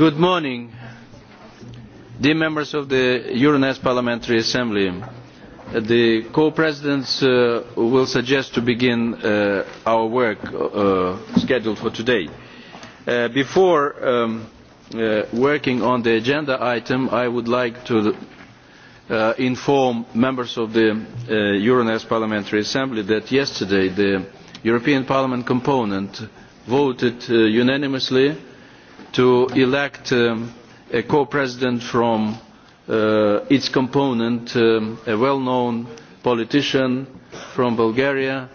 Good morning, dear members of the Euronest Parliamentary Assembly. Uh, the co-presidents uh, will suggest to begin uh, our work uh, scheduled for today. Uh, before um, uh, working on the agenda item, I would like to uh, inform members of the uh, Euronest Parliamentary Assembly that yesterday the European Parliament component voted uh, unanimously to elect um, a co-president from uh, its component, um, a well-known politician from Bulgaria,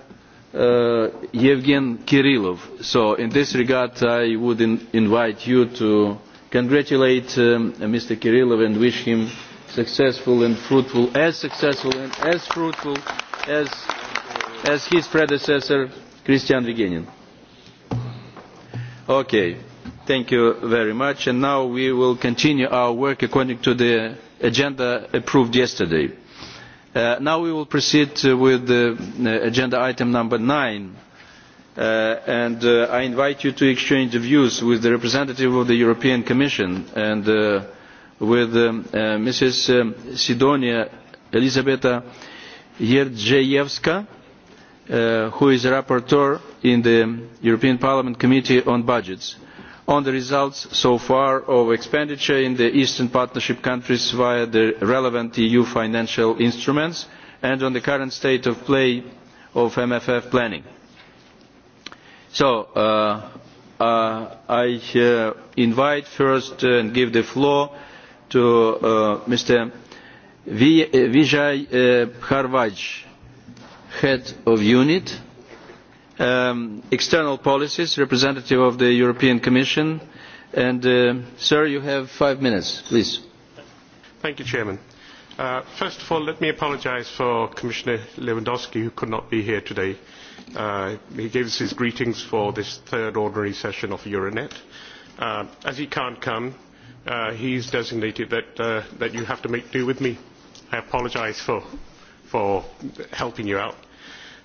uh, Yevgen Kirillov. So in this regard, I would in invite you to congratulate um, Mr. Kirillov and wish him successful and fruitful, as successful and as fruitful as, as his predecessor, Christian Vigenin. Okay. Thank you very much. And now we will continue our work according to the agenda approved yesterday. Uh, now we will proceed uh, with the uh, agenda item number nine. Uh, and uh, I invite you to exchange views with the representative of the European Commission and uh, with um, uh, Mrs. Um, Sidonia Elisabetta Yerdzejewska, uh, who is a rapporteur in the European Parliament Committee on Budgets on the results so far of expenditure in the Eastern Partnership countries via the relevant EU financial instruments and on the current state of play of MFF planning. So, uh, uh, I uh, invite first uh, and give the floor to uh, Mr. Uh, Vijay uh, Harvaj, head of unit um, external policies, representative of the European Commission. And, uh, sir, you have five minutes, please. Thank you, Chairman. Uh, first of all, let me apologise for Commissioner Lewandowski, who could not be here today. Uh, he gives his greetings for this third ordinary session of Euronet. Uh, as he can't come, uh, he's designated that, uh, that you have to make do with me. I apologise for, for helping you out.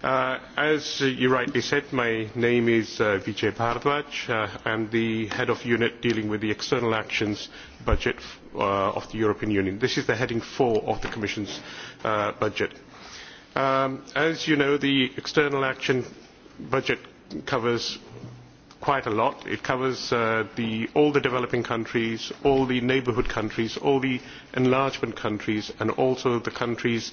Uh, as you rightly said, my name is uh, Vijay Bharadwaj. Uh, I am the head of unit dealing with the external actions budget of the European Union. This is the heading four of the Commission's budget. Um, as you know, the external action budget covers quite a lot. It covers all the developing countries, all the neighbourhood countries, all the enlargement countries, and also the countries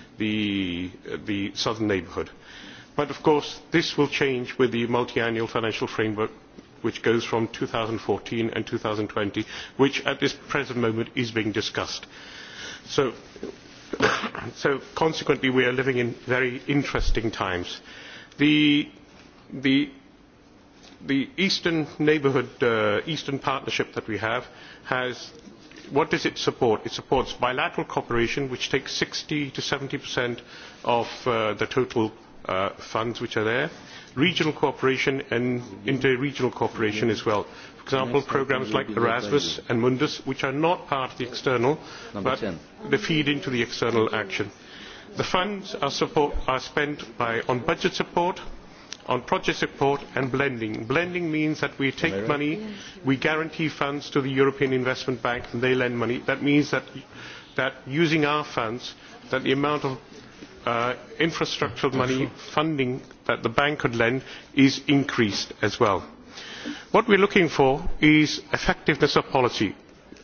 the, the southern neighbourhood. But of course, this will change with the multiannual financial framework which goes from 2014 and 2020, which at this present moment is being discussed. So, so consequently, we are living in very interesting times. The, the, the Eastern neighbourhood, uh, Eastern partnership that we have has what does it support? It supports bilateral cooperation, which takes 60 to 70% of uh, the total uh, funds which are there, regional cooperation and inter-regional cooperation as well. For example, programs like Erasmus and Mundus, which are not part of the external, but they feed into the external action. The funds are, support, are spent by, on budget support, on project support and blending. Blending means that we take money, we guarantee funds to the European Investment Bank and they lend money. That means that, that using our funds, that the amount of uh, infrastructural money funding that the bank could lend is increased as well. What we are looking for is effectiveness of policy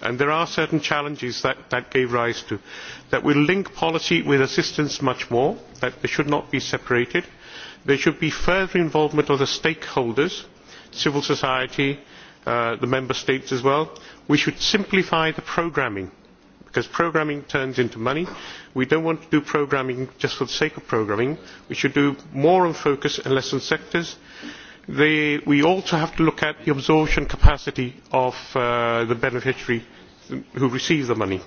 and there are certain challenges that, that gave rise to that will link policy with assistance much more that they should not be separated there should be further involvement of the stakeholders civil society uh, the member states as well we should simplify the programming because programming turns into money we don't want to do programming just for the sake of programming we should do more on focus and less on sectors we also have to look at the absorption capacity of uh, the beneficiary who receives the money.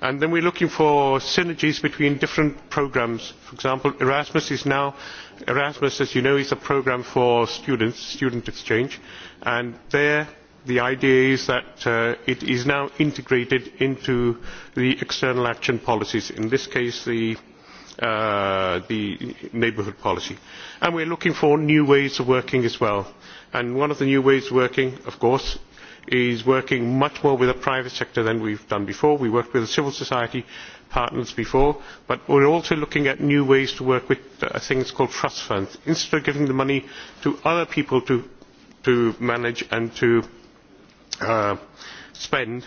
And then are looking for synergies between different programmes. For example, Erasmus is now, Erasmus, as you know, is a programme for students, student exchange. And there, the idea is that uh, it is now integrated into the external action policies. In this case, the uh, the neighbourhood policy. And we're looking for new ways of working as well. And one of the new ways of working, of course, is working much more with the private sector than we've done before. We worked with the civil society partners before, but we're also looking at new ways to work with uh, things called trust funds. Instead of giving the money to other people to, to manage and to uh, spend,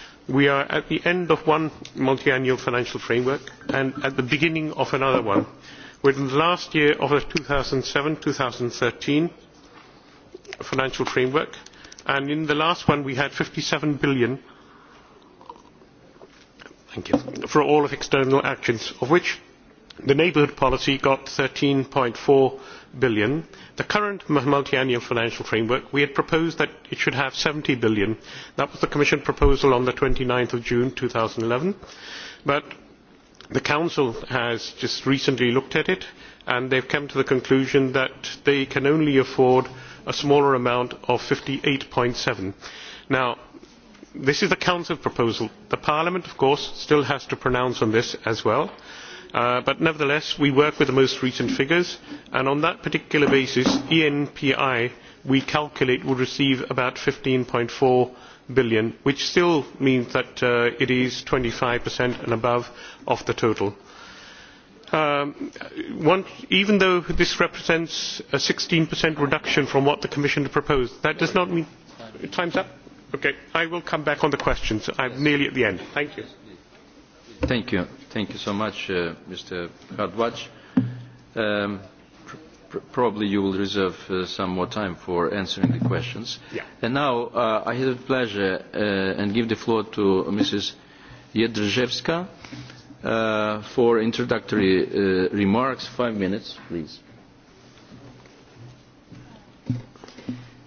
we are at the end of one multiannual financial framework and at the beginning of another one. Within the last year of the and thirteen financial framework, and in the last one we had EUR fifty seven billion for all of external actions, of which the neighbourhood policy got thirteen four billion. The current multiannual financial framework, we had proposed that it should have 70 billion. That was the Commission proposal on the 29th of June 2011. But the Council has just recently looked at it and they've come to the conclusion that they can only afford a smaller amount of 58.7. Now, this is the Council proposal. The Parliament, of course, still has to pronounce on this as well Uh, but nevertheless, we work with the most recent figures, and on that particular basis, ENPI, we calculate, will receive about EUR fifteen four billion, which still means that uh, it is twenty five and above of the total. Um, even though this represents a sixteen reduction from what the Commission proposed, that does not mean... time is up? Okay. I will come back on the questions. I am nearly at the end. Thank you. Thank you so much, uh, Mr. Hardwatch. Um, pr probably you will reserve uh, some more time for answering the questions. Yeah. And now uh, I have the pleasure uh, and give the floor to Mrs. Jedrzejewska uh, for introductory uh, remarks. Five minutes, please.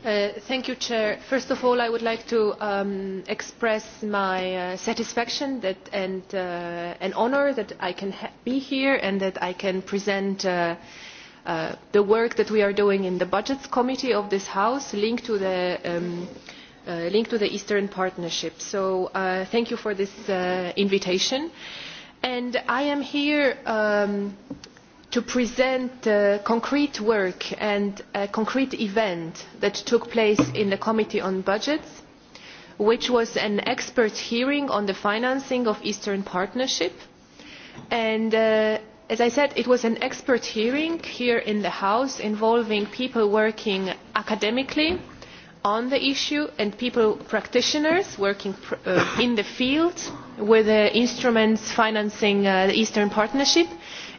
Uh, thank you, Chair. First of all, I would like to um, express my uh, satisfaction that, and uh, an honor that I can be here and that I can present uh, uh, the work that we are doing in the Budgets Committee of this House linked to the, um, uh, linked to the Eastern Partnership. So uh, thank you for this uh, invitation. And I am here um, to present uh, concrete work and a concrete event that took place in the Committee on Budgets, which was an expert hearing on the financing of Eastern Partnership. And uh, as I said, it was an expert hearing here in the House involving people working academically on the issue and people, practitioners working pr uh, in the field with the instruments financing uh, the Eastern Partnership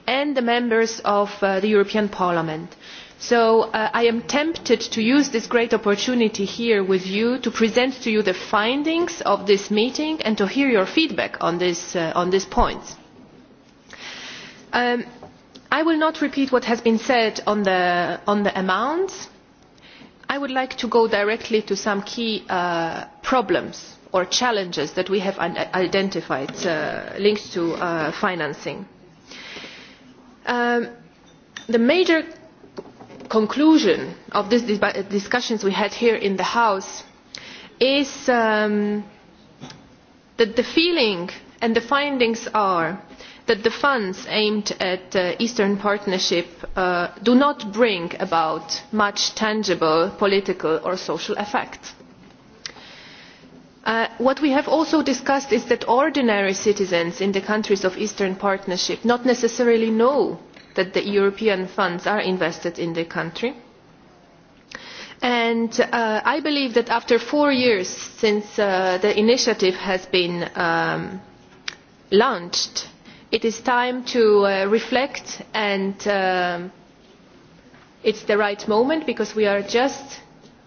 and the members of uh, the European Parliament. So uh, I am tempted to use this great opportunity here with you to present to you the findings of this meeting and to hear your feedback on, this, uh, on these points. Um, I will not repeat what has been said on the, on the amounts. I would like to go directly to some key uh, problems or challenges that we have identified uh, linked to uh, financing. Um, the major conclusion of these discussions we had here in the House is um, that the feeling and the findings are that the funds aimed at the uh, Eastern Partnership uh, do not bring about much tangible political or social effect. Uh, what we have also discussed is that ordinary citizens in the countries of Eastern Partnership not necessarily know that the European funds are invested in the country. And uh, I believe that after four years since uh, the initiative has been um, launched, it is time to uh, reflect and um, it's the right moment because we are just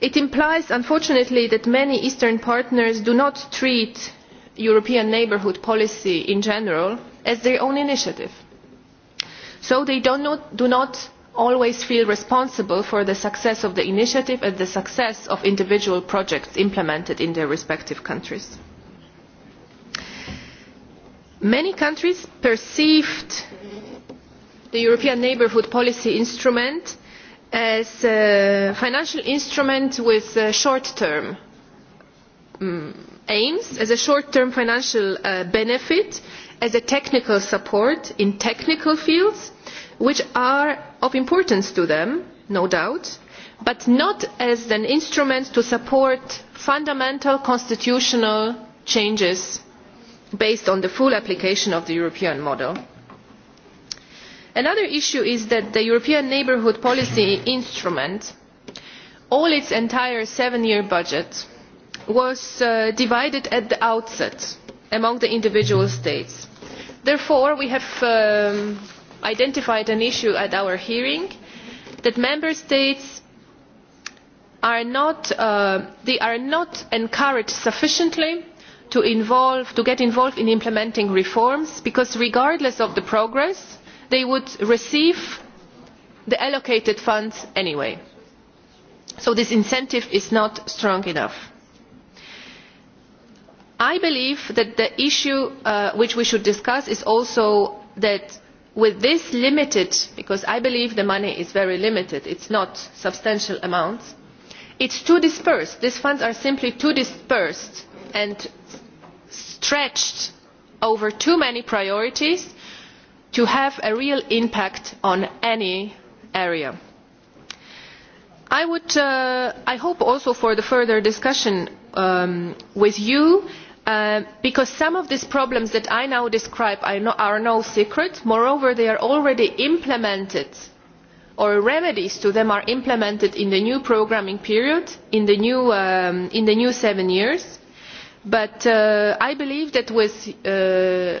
It implies, unfortunately, that many Eastern partners do not treat European neighbourhood policy in general as their own initiative. So they do not, do not always feel responsible for the success of the initiative and the success of individual projects implemented in their respective countries. Many countries perceived the European neighbourhood policy instrument as a financial instrument with short-term mm, aims, as a short-term financial uh, benefit, as a technical support in technical fields, which are of importance to them, no doubt, but not as an instrument to support fundamental constitutional changes based on the full application of the European model. Another issue is that the European Neighbourhood Policy Instrument, all its entire seven-year budget, was uh, divided at the outset among the individual states. Therefore, we have um, identified an issue at our hearing that member states are not, uh, they are not encouraged sufficiently to, involve, to get involved in implementing reforms because regardless of the progress, they would receive the allocated funds anyway. So this incentive is not strong enough. I believe that the issue uh, which we should discuss is also that with this limited, because I believe the money is very limited, it's not substantial amounts, it's too dispersed. These funds are simply too dispersed and stretched over too many priorities to have a real impact on any area. I, would, uh, I hope also for the further discussion um, with you uh, because some of these problems that I now describe are no, are no secret. Moreover, they are already implemented or remedies to them are implemented in the new programming period, in the new, um, in the new seven years. But uh, I believe that with uh,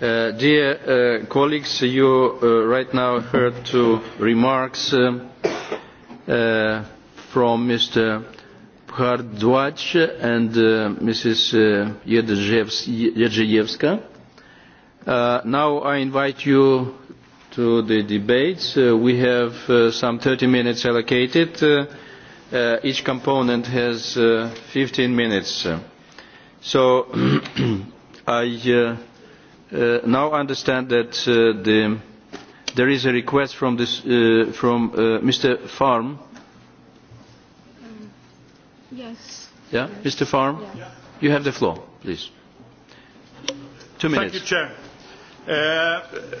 Uh, dear uh, colleagues, you uh, right now heard two remarks uh, uh, from Mr. Bhardwaj and uh, Mrs. Uh, Jedrzejewska. Uh, now I invite you to the debates. Uh, we have uh, some 30 minutes allocated. Uh, uh, each component has uh, 15 minutes. So I uh, uh, now understand that uh, the, there is a request from, this, uh, from uh, Mr. Farm. Um, yes. Yeah, yes. Mr. Farm, yeah. you have the floor, please. Two minutes. Thank you, Chair. Uh,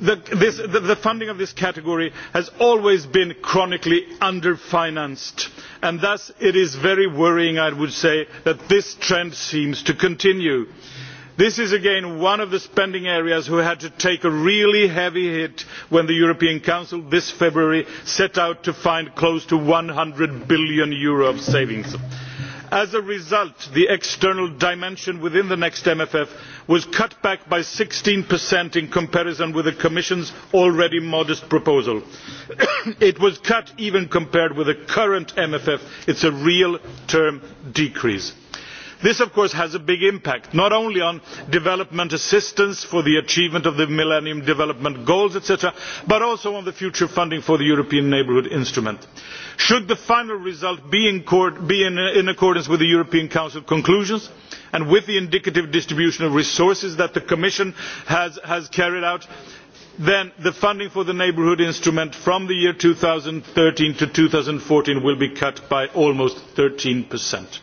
the, this, the, the funding of this category has always been chronically underfinanced and thus it is very worrying i would say that this trend seems to continue. This is again one of the spending areas who had to take a really heavy hit when the European Council this February set out to find close to EUR one hundred billion of savings as a result the external dimension within the next mff was cut back by sixteen in comparison with the commission's already modest proposal. it was cut even compared with the current mff it is a real term decrease This, of course, has a big impact, not only on development assistance for the achievement of the Millennium Development Goals, etc., but also on the future funding for the European Neighbourhood Instrument. Should the final result be, in, court, be in, in accordance with the European Council conclusions and with the indicative distribution of resources that the Commission has, has carried out, then the funding for the neighbourhood instrument from the year two thousand and thirteen to two thousand and fourteen will be cut by almost thirteen percent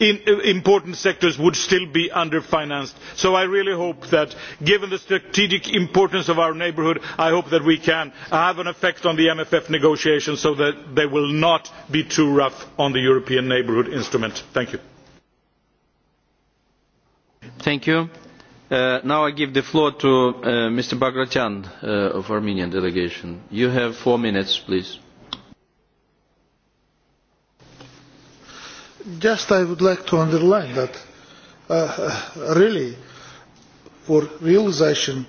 in important sectors would still be under financed. So I really hope that, given the strategic importance of our neighbourhood, I hope that we can have an effect on the MFF negotiations so that they will not be too rough on the European Neighbourhood Instrument. Thank you. Thank you. Uh, now I give the floor to uh, Mr. Bagratyan uh, of Armenian delegation. You have four minutes, please. just I would like to underline that uh, uh, really for realization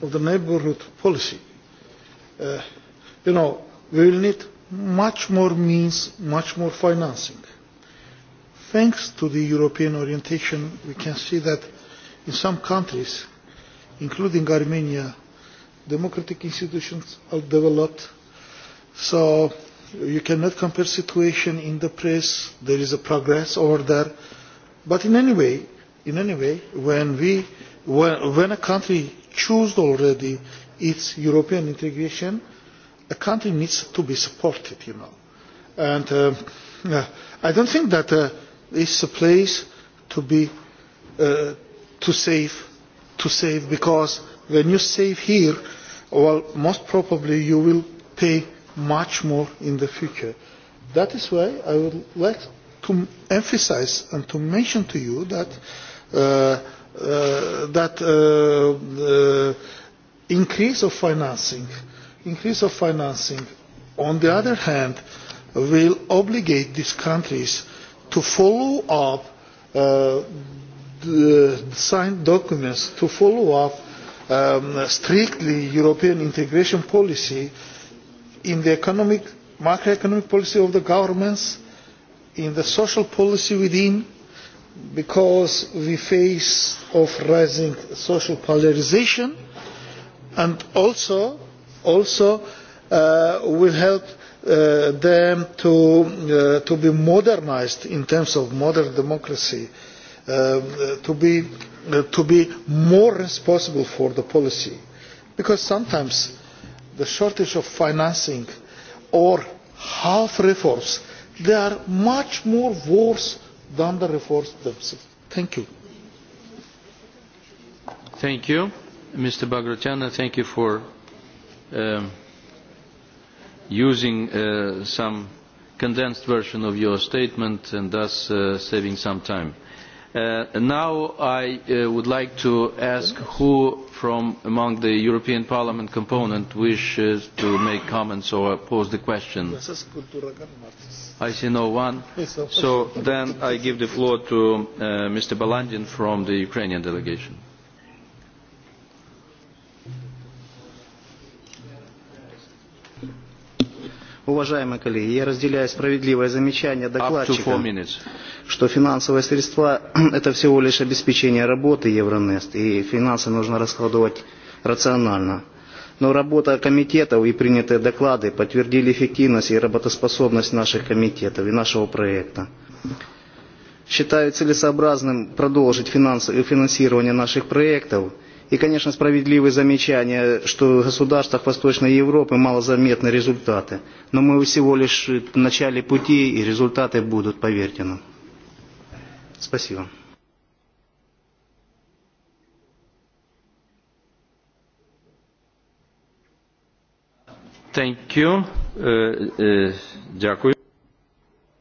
of the neighborhood policy, uh, you know, we will need much more means, much more financing. Thanks to the European orientation, we can see that in some countries, including Armenia, democratic institutions are developed. So You cannot compare situation in the press. There is a progress over there. But in any way, in any way, when we, when, when a country chooses already its European integration, a country needs to be supported, you know. And uh, uh, I don't think that uh, it's a place to be uh, to save, to save, because when you save here, well, most probably you will pay much more in the future. That is why I would like to emphasize and to mention to you that uh, uh, that uh, the uh, increase of financing, increase of financing, on the other hand, will obligate these countries to follow up uh, the signed documents, to follow up um, strictly European integration policy uh, in the economic, macroeconomic policy of the governments, in the social policy within, because we face of rising social polarization and also also uh, will help uh, them to uh, to be modernized in terms of modern democracy uh, to be uh, to be more responsible for the policy because sometimes the shortage of financing or half reforms, they are much more worse than the reforms themselves. Thank you. Thank you, Mr. Bagratiana. Thank you for um, using uh, some condensed version of your statement and thus uh, saving some time. Uh, now I uh, would like to ask who from among the European Parliament component wishes to make comments or pose the question. I see no one. So then I give the floor to uh, Mr. Balandin from the Ukrainian delegation. Уважаемые коллеги, я разделяю справедливое замечание докладчика, что финансовые средства – это всего лишь обеспечение работы Евронест, и финансы нужно раскладывать рационально. Но работа комитетов и принятые доклады подтвердили эффективность и работоспособность наших комитетов и нашего проекта. Считаю целесообразным продолжить финансирование наших проектов – И, конечно, справедливые замечания, что в государствах Восточной Европы малозаметны результаты. Но мы всего лишь в начале пути, и результаты будут, поверьте нам. Спасибо. Thank you. Uh, uh,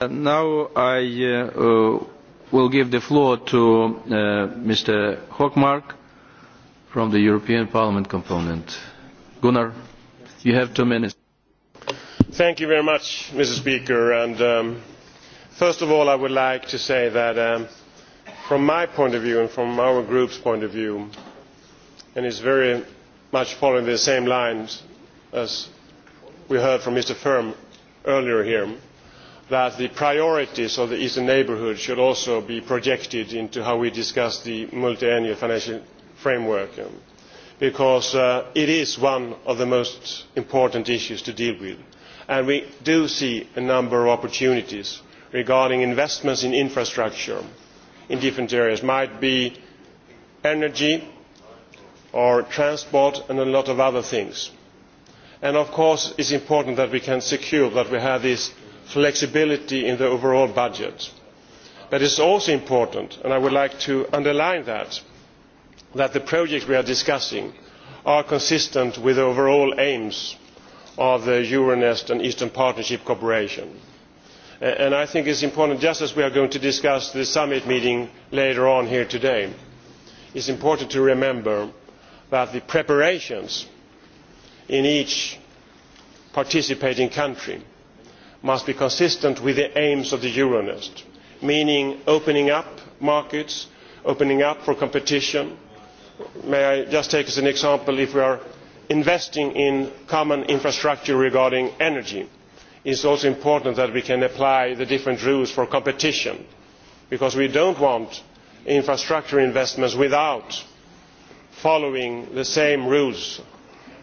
Now I uh, uh, will give the floor to uh, Mr. Hockmark from the European Parliament component. Gunnar, you have two minutes. Thank you very much, Mr. Speaker. And um, first of all, I would like to say that um, from my point of view and from our group's point of view, and it's very much following the same lines as we heard from Mr. Firm earlier here, that the priorities of the Eastern neighbourhood should also be projected into how we discuss the multi-annual financial framework um, because uh, it is one of the most important issues to deal with. And we do see a number of opportunities regarding investments in infrastructure in different areas. It might be energy or transport and a lot of other things. And of course it is important that we can secure that we have this flexibility in the overall budget. But it is also important, and I would like to underline that, that the projects we are discussing are consistent with the overall aims of the Euronest and Eastern Partnership cooperation. And I think it is important, just as we are going to discuss the summit meeting later on here today, it is important to remember that the preparations in each participating country must be consistent with the aims of the Euronest, meaning opening up markets, opening up for competition, may I just take as an example if we are investing in common infrastructure regarding energy, it is also important that we can apply the different rules for competition because we do not want infrastructure investments without following the same rules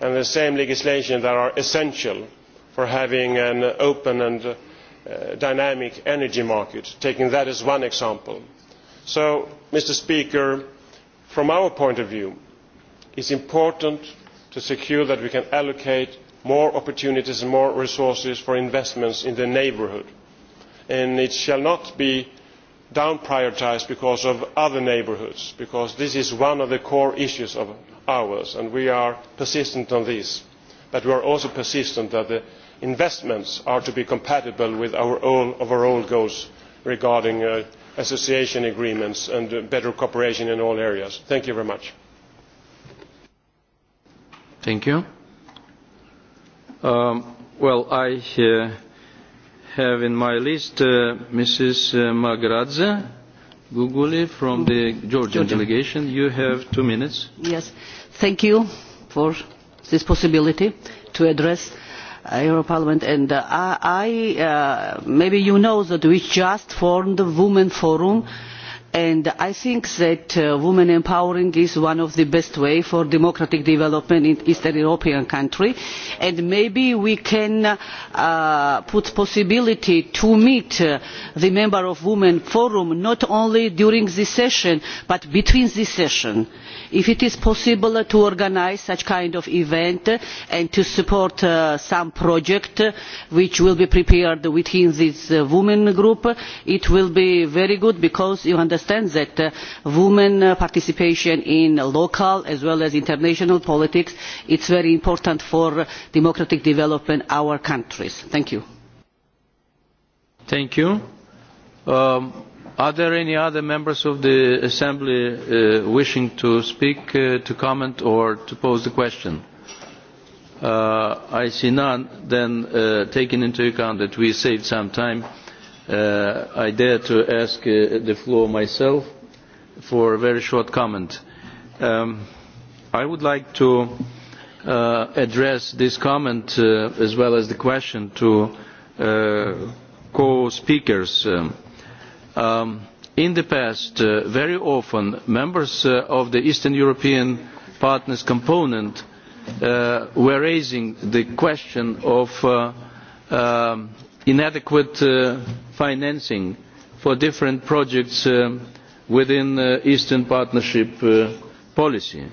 and the same legislation that are essential for having an open and uh, dynamic energy market, taking that as one example. So, Mr. Speaker, from our point of view it is important to ensure that we can allocate more opportunities and more resources for investments in the neighbourhood and it shall not be down prioritised because of other neighbourhoods because this is one of the core issues of ours and we are persistent on this but we are also persistent that the investments are to be compatible with our own overall goals regarding uh, association agreements and uh, better cooperation in all areas. Thank you very much. Thank you. Um, well, I uh, have in my list uh, Mrs. Uh, Magradze Guguli from the Georgian Georgia. delegation. You have two minutes. Yes, thank you for this possibility to address Uh, European Parliament, and uh, I, uh, maybe you know that we just formed the Women Forum. Mm -hmm and I think that uh, women empowering is one of the best ways for democratic development in Eastern European country and maybe we can uh, put possibility to meet uh, the member of women forum not only during this session but between this session if it is possible to organize such kind of event uh, and to support uh, some project uh, which will be prepared within this uh, women group it will be very good because you understand understand that uh, women uh, participation in local as well as international politics is very important for democratic development in our countries. Thank you. Thank you. Um, are there any other members of the Assembly uh, wishing to speak, uh, to comment or to pose the question? Uh, I see none, then uh, taking into account that we saved some time, uh, I dare to ask uh, the floor myself for a very short comment. Um, I would like to uh, address this comment uh, as well as the question to uh, co-speakers. Um, um, in the past, uh, very often, members uh, of the Eastern European Partners component uh, were raising the question of uh, um, inadequate uh, financing for different projects uh, within the uh, Eastern Partnership uh, policy.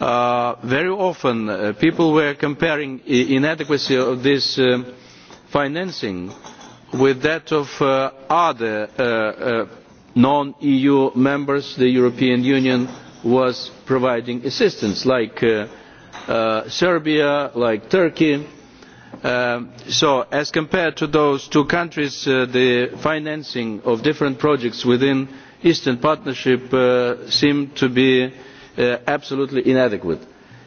Uh, very often uh, people were comparing the inadequacy of this uh, financing with that of uh, other uh, uh, non-EU members the European Union was providing assistance, like uh, uh, Serbia, like Turkey, Um, so as compared to those two countries, uh, the financing of different projects within Eastern Partnership uh, seem to be uh, absolutely inadequate.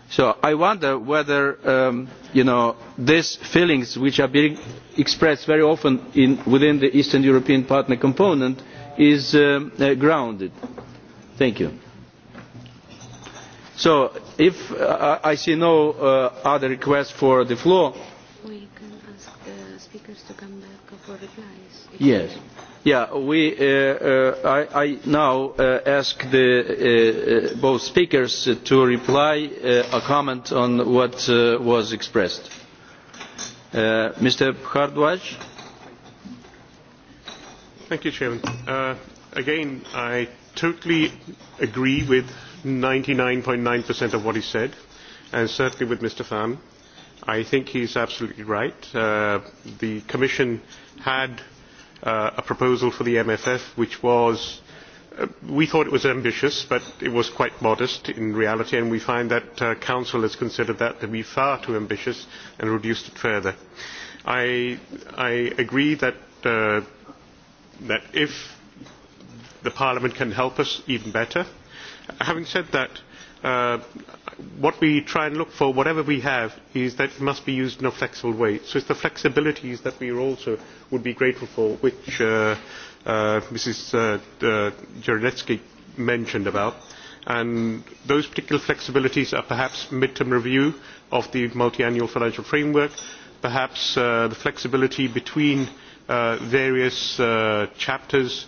So I wonder whether um, you know, these feelings which are being expressed very often in, within the Eastern European Partner component is um, uh, grounded. Thank you. So if uh, I see no uh, other requests for the floor, Yes. Yeah, we, uh, uh, I, I now uh, ask the, uh, uh, both speakers to reply uh, a comment on what uh, was expressed. Uh, Mr. Hardwaj? Thank you, Chairman. Uh, again, I totally agree with 99.9% .9 of what he said, and certainly with Mr. Pham. I think he is absolutely right. Uh, the Commission had uh, a proposal for the MFF which was, uh, we thought it was ambitious, but it was quite modest in reality, and we find that uh, Council has considered that to be far too ambitious and reduced it further. I, I agree that, uh, that if the Parliament can help us, even better. Having said that, uh, what we try and look for, whatever we have, is that it must be used in a flexible way. So it is the flexibilities that we also would be grateful for, which Mrs. Uh, uh, uh, uh mentioned about. And those particular flexibilities are perhaps mid-term review of the Multiannual financial framework, perhaps the flexibility between various chapters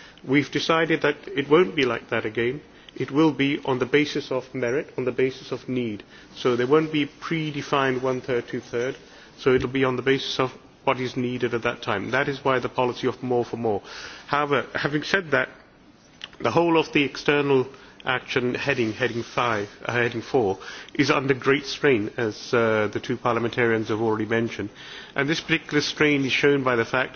we have decided that it will not be like that again. It will be on the basis of merit, on the basis of need. So there will not be predefined one-third, two thirds, So it will be on the basis of what is needed at that time. That is why the policy of more for more. However, having said that, the whole of the external action heading, heading, five, uh, heading four, is under great strain, as uh, the two parliamentarians have already mentioned. And this particular strain is shown by the fact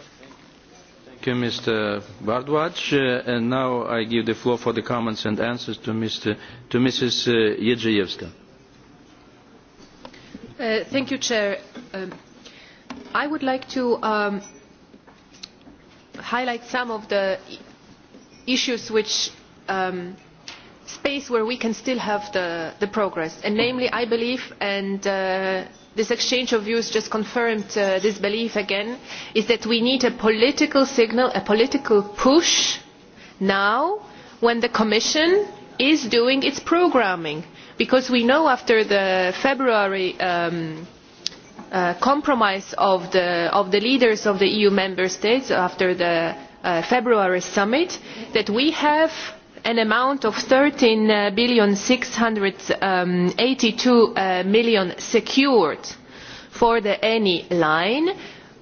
you, Mr. Bardwaj. Uh, and now I give the floor for the comments and answers to, Mr., to Mrs. Uh, Jedrzejewska. Uh, thank you, Chair. Um, I would like to um, highlight some of the issues which um, space where we can still have the, the progress. And namely, I believe, and uh, this exchange of views just confirmed uh, this belief again, is that we need a political signal, a political push now when the Commission is doing its programming. Because we know after the February um, uh, compromise of the, of the leaders of the EU member states, after the uh, February summit, that we have an amount of 13 billion 682 uh, million secured for the any line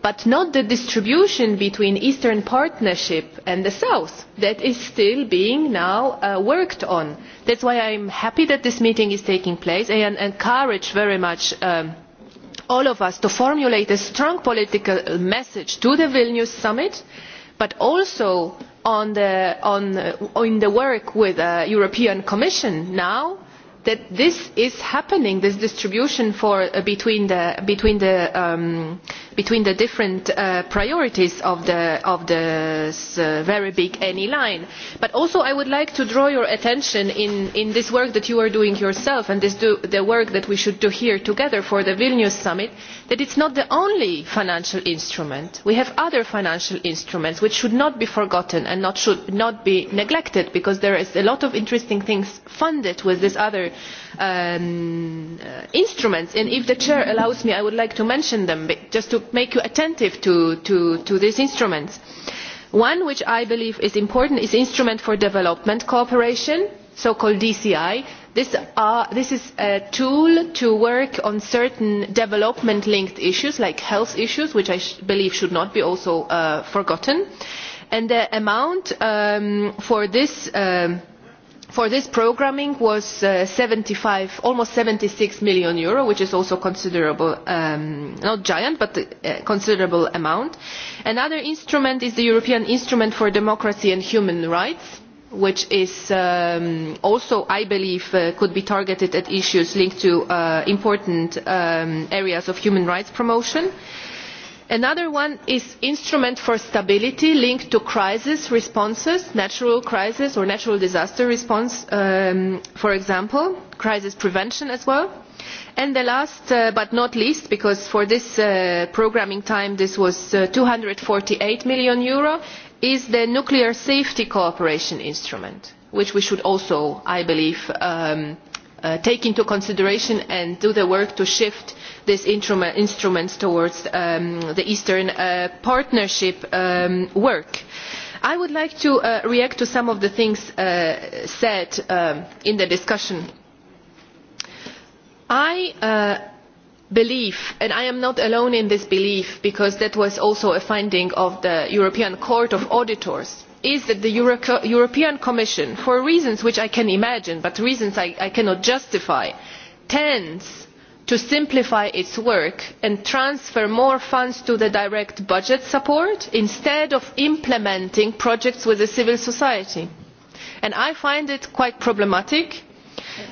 but not the distribution between eastern partnership and the south that is still being now uh, worked on that's why i'm happy that this meeting is taking place and encourage very much um, all of us to formulate a strong political message to the vilnius summit but also on the, on, uh, the work with the European Commission now that this is happening, this distribution for, uh, between, the, between, the, um, between the different uh, priorities of the, of the uh, very big any line. But also I would like to draw your attention in, in this work that you are doing yourself and this do, the work that we should do here together for the Vilnius Summit, that it's not the only financial instrument. We have other financial instruments which should not be forgotten and not, should not be neglected because there is a lot of interesting things funded with this other um, uh, instruments. And if the chair allows me, I would like to mention them just to make you attentive to, to, to these instruments. One which I believe is important is Instrument for Development Cooperation, so-called DCI. This, uh, this is a tool to work on certain development-linked issues like health issues, which I sh believe should not be also uh, forgotten. And the amount um, for this um, for this programming was uh, 75, almost 76 million euro, which is also considerable, um, not giant, but a uh, considerable amount. Another instrument is the European Instrument for Democracy and Human Rights, which is um, also, I believe, uh, could be targeted at issues linked to uh, important um, areas of human rights promotion. Uh, Another one is instrument for stability linked to crisis responses, natural crisis or natural disaster response, um, for example, crisis prevention as well. And the last uh, but not least, because for this uh, programming time this was uh, 248 million euro, is the nuclear safety cooperation instrument, which we should also, I believe, um, uh, take into consideration and do the work to shift these instrument, instruments towards um, the Eastern uh, Partnership um, work. I would like to uh, react to some of the things uh, said um, in the discussion. I uh, and i am not alone in this belief because that was also a finding of the european court of auditors is that the European Commission, for reasons which I can imagine, but reasons I, cannot justify, tends to simplify its work and transfer more funds to the direct budget support instead of implementing projects with civil society. I find it quite problematic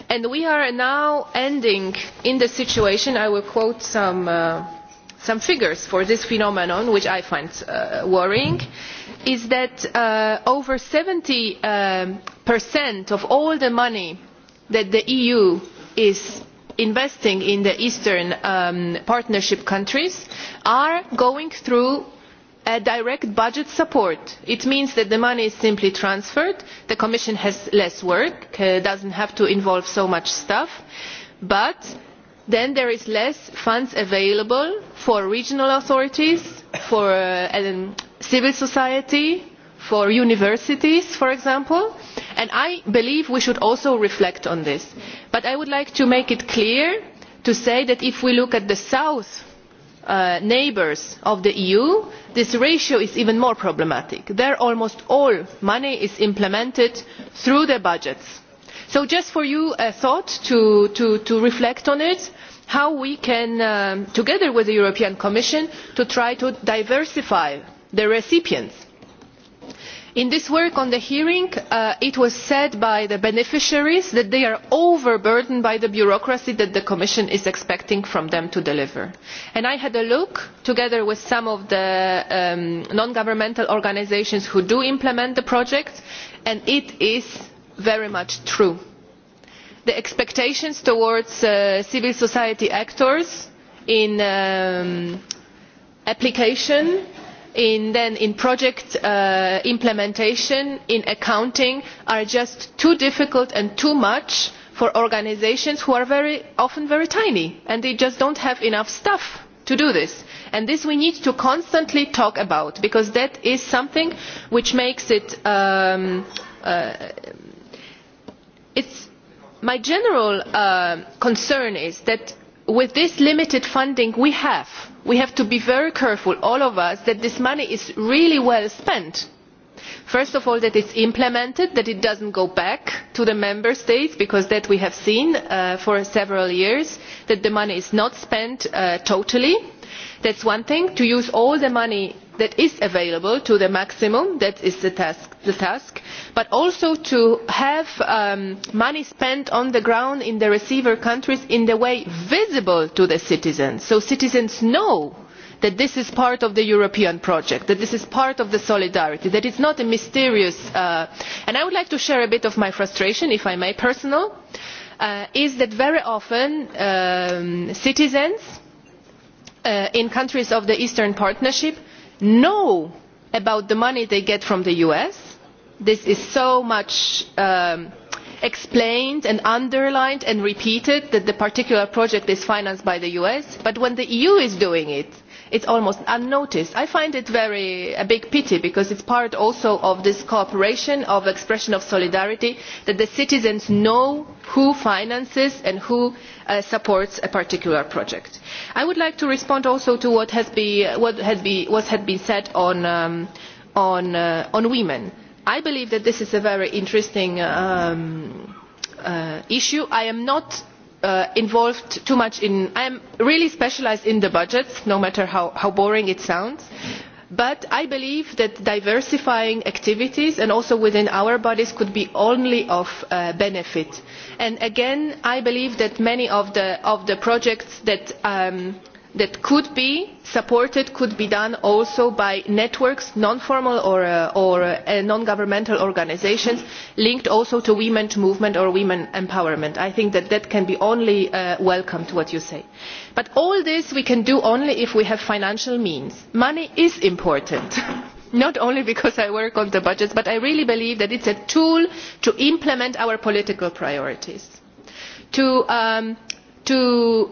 and we are now ending in the situation, I will quote some, uh, figures for this phenomenon, which I find uh, worrying. Mm is that uh, over 70% um, percent of all the money that the EU is investing in the Eastern um, partnership countries are going through a direct budget support. It means that the money is simply transferred, the Commission has less work, uh, doesn't have to involve so much stuff, but then there is less funds available for regional authorities, for uh, um, civil society, for universities, for example. And I believe we should also reflect on this. But I would like to make it clear to say that if we look at the south uh, neighbours of the EU, this ratio is even more problematic. There almost all money is implemented through the budgets. So just for you a thought to, to, to reflect on it, how we can, um, together with the European Commission, to try to diversify the recipients. In this work on the hearing, uh, it was said by the beneficiaries that they are overburdened by the bureaucracy that the Commission is expecting from them to deliver. And I had a look, together with some of the um, non-governmental organizations who do implement the project, and it is very much true the expectations towards uh, civil society actors in um, application, in, then in project uh, implementation, in accounting are just too difficult and too much for organizations who are very often very tiny and they just don't have enough stuff to do this. And this we need to constantly talk about because that is something which makes it um, uh, it's my general uh, concern is that with this limited funding we have, we have to be very careful, all of us, that this money is really well spent. First of all, that it is implemented, that it does not go back to the member states, because that we have seen uh, for several years, that the money is not spent uh, totally that is one thing to use all the money that is available to the maximum that is the task, the task but also to have um, money spent on the ground in the receiver countries in a way visible to the citizens so citizens know that this is part of the European project, that this is part of the solidarity, that it's not a mysterious... Uh, and I would like to share a bit of my frustration, if I may, personal, uh, is that very often um, citizens Uh, in countries of the Eastern Partnership know about the money they get from the US. This is so much um, explained and underlined and repeated that the particular project is financed by the US, but when the EU is doing it, it's almost unnoticed. I find it very a big pity because it's part also of this cooperation of expression of solidarity that the citizens know who finances and who Uh, supports a particular project. I would like to respond also to what has, what has, what has been said on, um, on, uh, on women. I believe that this is a very interesting um, uh, issue. I am not uh, involved too much in, I am really specialised in the budgets, no matter how, how boring it sounds. But I believe that diversifying activities and also within our bodies could be only of uh, benefit. And again, I believe that many of the, projects that um, that could be supported could be done also by networks non formal or, uh, or uh, non governmental organisations linked also to women's movement or women empowerment. i think that that can be only uh, welcome to what you say. but all this we can do only if we have financial means. money is important. not only because I work on the budgets, but I really believe that it's a tool to implement our political priorities, to, um, to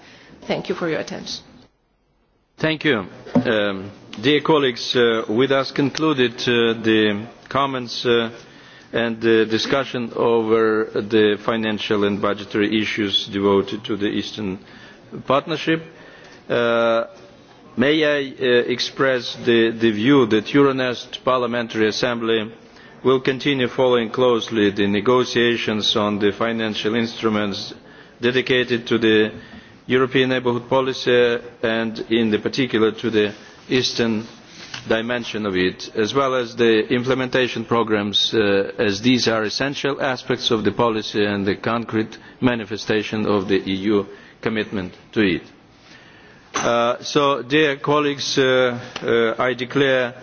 Thank you for your attention. Thank you. Um, dear colleagues, uh, with us concluded uh, the comments uh, and the discussion over the financial and budgetary issues devoted to the Eastern Partnership. Uh, may I uh, express the, the view that Euronest Parliamentary Assembly will continue following closely the negotiations on the financial instruments dedicated to the European neighbourhood policy and in particular to the eastern dimension of it, as well as the implementation programmes, uh, as these are essential aspects of the policy and the concrete manifestation of the EU commitment to it. Uh, so, dear colleagues, uh, uh I declare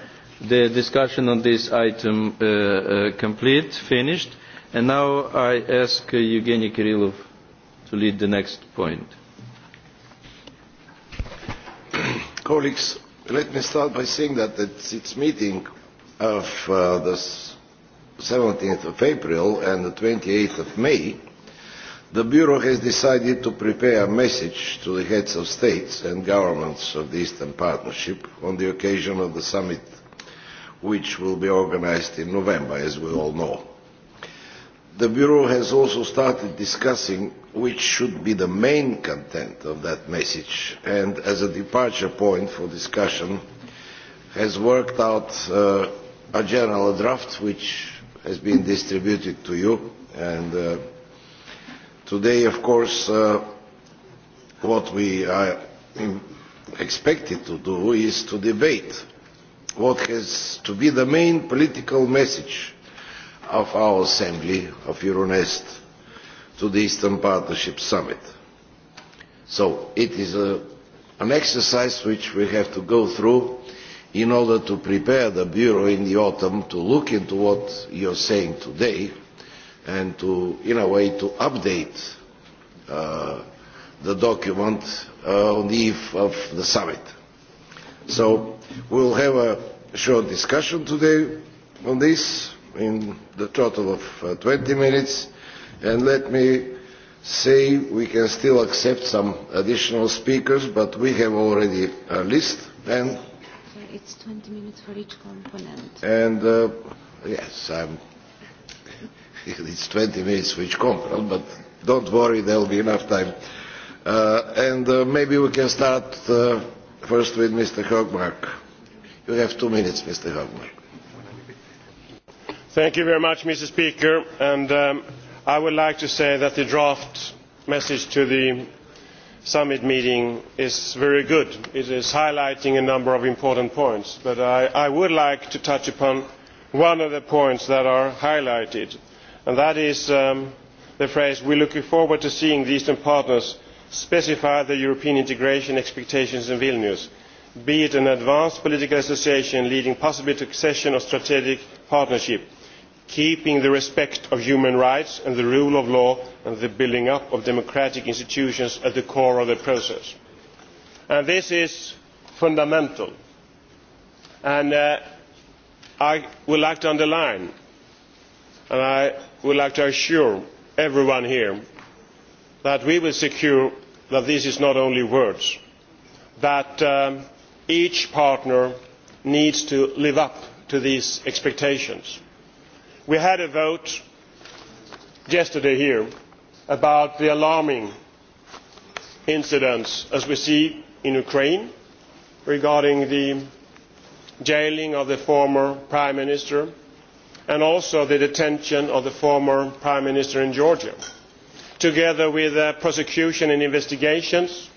the discussion on this item uh, uh, complete, finished, and now I ask Evgeny Kirillov to lead the next point. Colleagues, let me start by saying that at its meeting of uh, the 17th of April and the 28th of May, the Bureau has decided to prepare a message to the heads of states and governments of the Eastern Partnership on the occasion of the summit which will be organized in November, as we all know. The Bureau has also started discussing which should be the main content of that message and as a departure point for discussion has worked out uh, a general draft which has been distributed to you and uh, today of course uh, what we are expected to do is to debate what has to be the main political message of our assembly of Euronest to the Eastern Partnership Summit. So it is a, an exercise which we have to go through in order to prepare the Bureau in the autumn to look into what you are saying today and to, in a way, to update uh, the document uh, on the eve of the summit. So we'll have a short discussion today on this in the total of uh, 20 minutes. And let me say we can still accept some additional speakers, but we have already a list. And it's 20 minutes for each component. And uh, yes, I'm, it's 20 minutes for each component, but don't worry, there will be enough time. Uh, and uh, maybe we can start uh, first with Mr. Hogmark. You have two minutes, Mr. Hogmark. Thank you very much, Mr. Speaker. And um, I would like to say that the draft message to the summit meeting is very good. It is highlighting a number of important points, but I, I would like to touch upon one of the points that are highlighted, and that is um, the phrase, we're looking forward to seeing the Eastern partners specify the European integration expectations in Vilnius, be it an advanced political association leading possibly to accession or strategic partnership keeping the respect of human rights and the rule of law and the building up of democratic institutions at the core of the process. And this is fundamental. And uh, I would like to underline, and I would like to assure everyone here, that we will secure that this is not only words, that um, each partner needs to live up to these expectations we had a vote yesterday here about the alarming incidents as we see in Ukraine regarding the jailing of the former prime minister and also the detention of the former prime minister in Georgia together with the uh, prosecution and investigations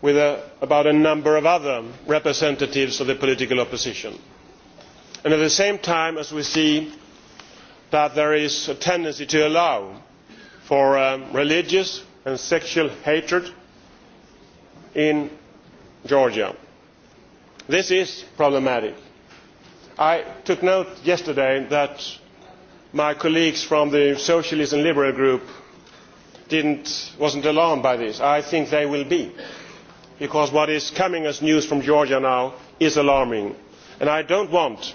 with a, uh, about a number of other representatives of the political opposition and at the same time as we see that there is a tendency to allow for um, religious and sexual hatred in Georgia. This is problematic. I took note yesterday that my colleagues from the Socialist and Liberal group didn't, wasn't alarmed by this. I think they will be, because what is coming as news from Georgia now is alarming. And I don't want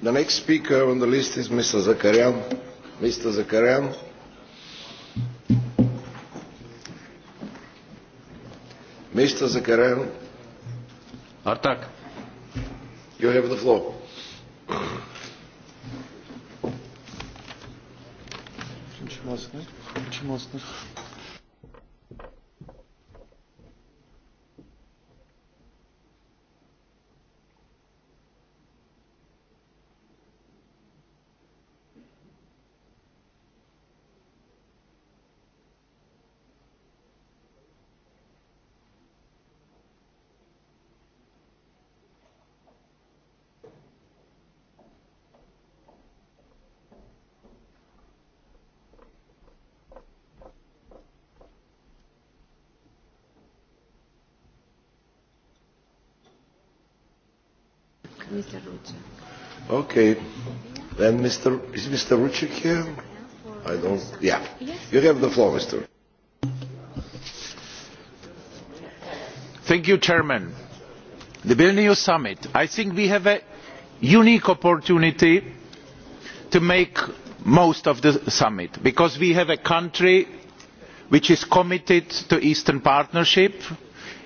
The next speaker on the list is Mr. Zakarian. Mr. Zakarian. Mr. Zakarian. Artak. You have the floor. Очень мощно. Mr. Rucic. Okay. Then Mr. Is Mr. Rucic here? I don't. Yeah. You have the floor, Mr. Thank you, Chairman. The Vilnius Summit. I think we have a unique opportunity to make most of the summit because we have a country which is committed to Eastern Partnership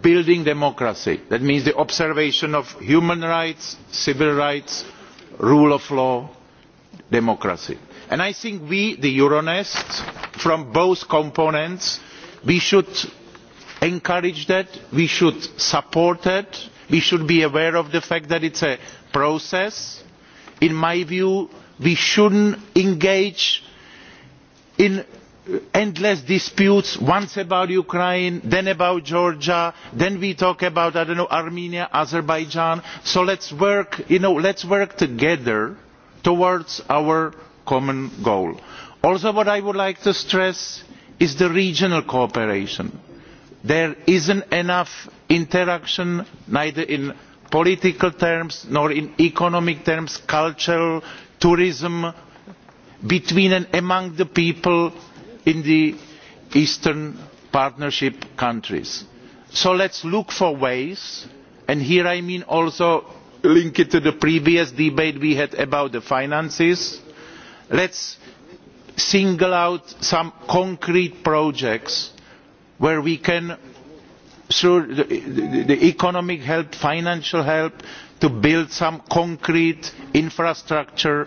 building democracy. That means the observation of human rights, civil rights, rule of law, democracy. And I think we, the Euronest, from both components, we should encourage that, we should support that, we should be aware of the fact that it's a process. In my view, we shouldn't engage in endless disputes once about ukraine then about georgia then we talk about i don't know armenia azerbaijan so let's work you know let's work together towards our common goal also what i would like to stress is the regional cooperation there isn't enough interaction neither in political terms nor in economic terms cultural tourism between and among the people in the Eastern Partnership countries. So let us look for ways, and here I mean also link it to the previous debate we had about the finances, let us single out some concrete projects where we can, through the, the, the economic help, financial help, to build some concrete infrastructure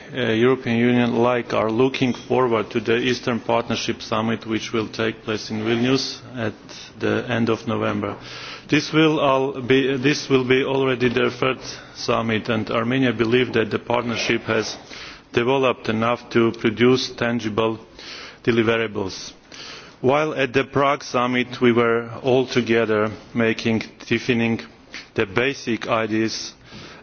uh, European Union alike are looking forward to the Eastern Partnership Summit which will take place in Vilnius at the end of November. This will, all be, this will be already their third summit and Armenia believes that the partnership has developed enough to produce tangible deliverables. While at the Prague summit we were all together making, defining the basic ideas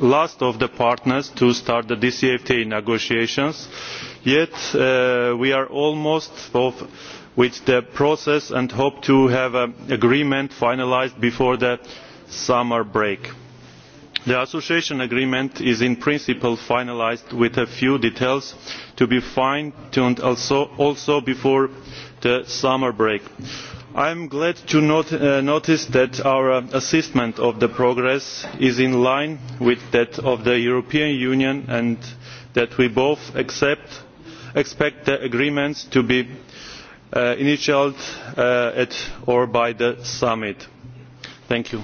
last of the partners to start the DCFTA negotiations, yet uh, we are almost of, with the process and hope to have an agreement finalised before the summer break. The association agreement is in principle finalised with a few details to be fine-tuned also, also before the summer break. I am glad to not, uh, notice that our assessment of the progress is in line with that of the European Union and that we both accept, expect the agreements to be uh, initialed uh, at or by the summit. Thank you.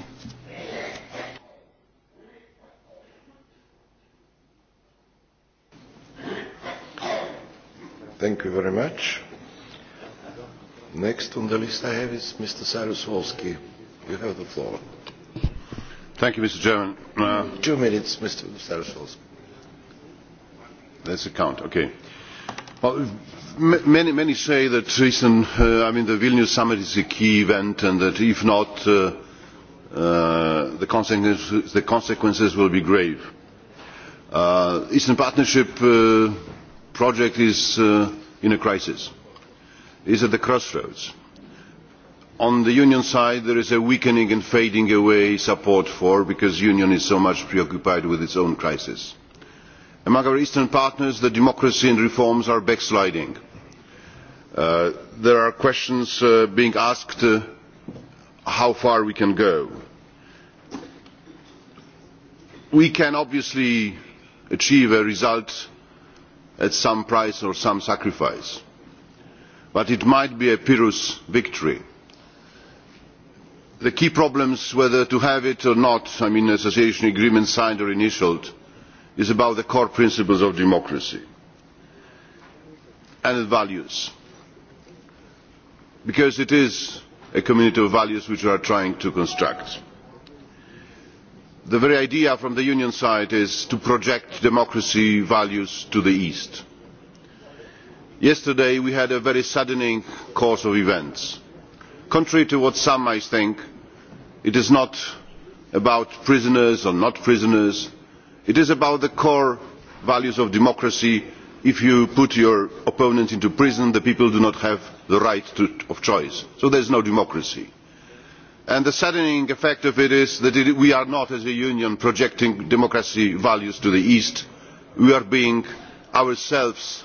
Thank you very much. Next on the list I have is Mr. Cyrus Wolski. You have the floor. Thank you, Mr. Chairman. Uh, Two minutes, Mr. Cyrus Wolski. That's a count, okay. Well, many, many say that recent, uh, I mean, the Vilnius summit is a key event and that if not, uh, uh, the, consequences, the consequences will be grave. Uh, Eastern Partnership uh, project is uh, in a crisis. Uh, is at the crossroads. On the union side, there is a weakening and fading away support for, because the union is so much preoccupied with its own crisis. Among our eastern partners, the democracy and reforms are backsliding. Uh, there are questions uh, being asked uh, how far we can go. We can obviously achieve a result at some price or some sacrifice but it might be a Pyrrhus victory. The key problems, whether to have it or not, I mean association agreement signed or initialed, is about the core principles of democracy and its values. Because it is a community of values which we are trying to construct. The very idea from the Union side is to project democracy values to the East yesterday we had a very saddening course of events. contrary to what some might think it is not about prisoners or not prisoners it is about the core values of democracy if you put your opponent into prison the people do not have the right to, of choice so there is no democracy. And the saddening effect of it is that it, we are not as a union projecting democracy values to the east we are being ourselves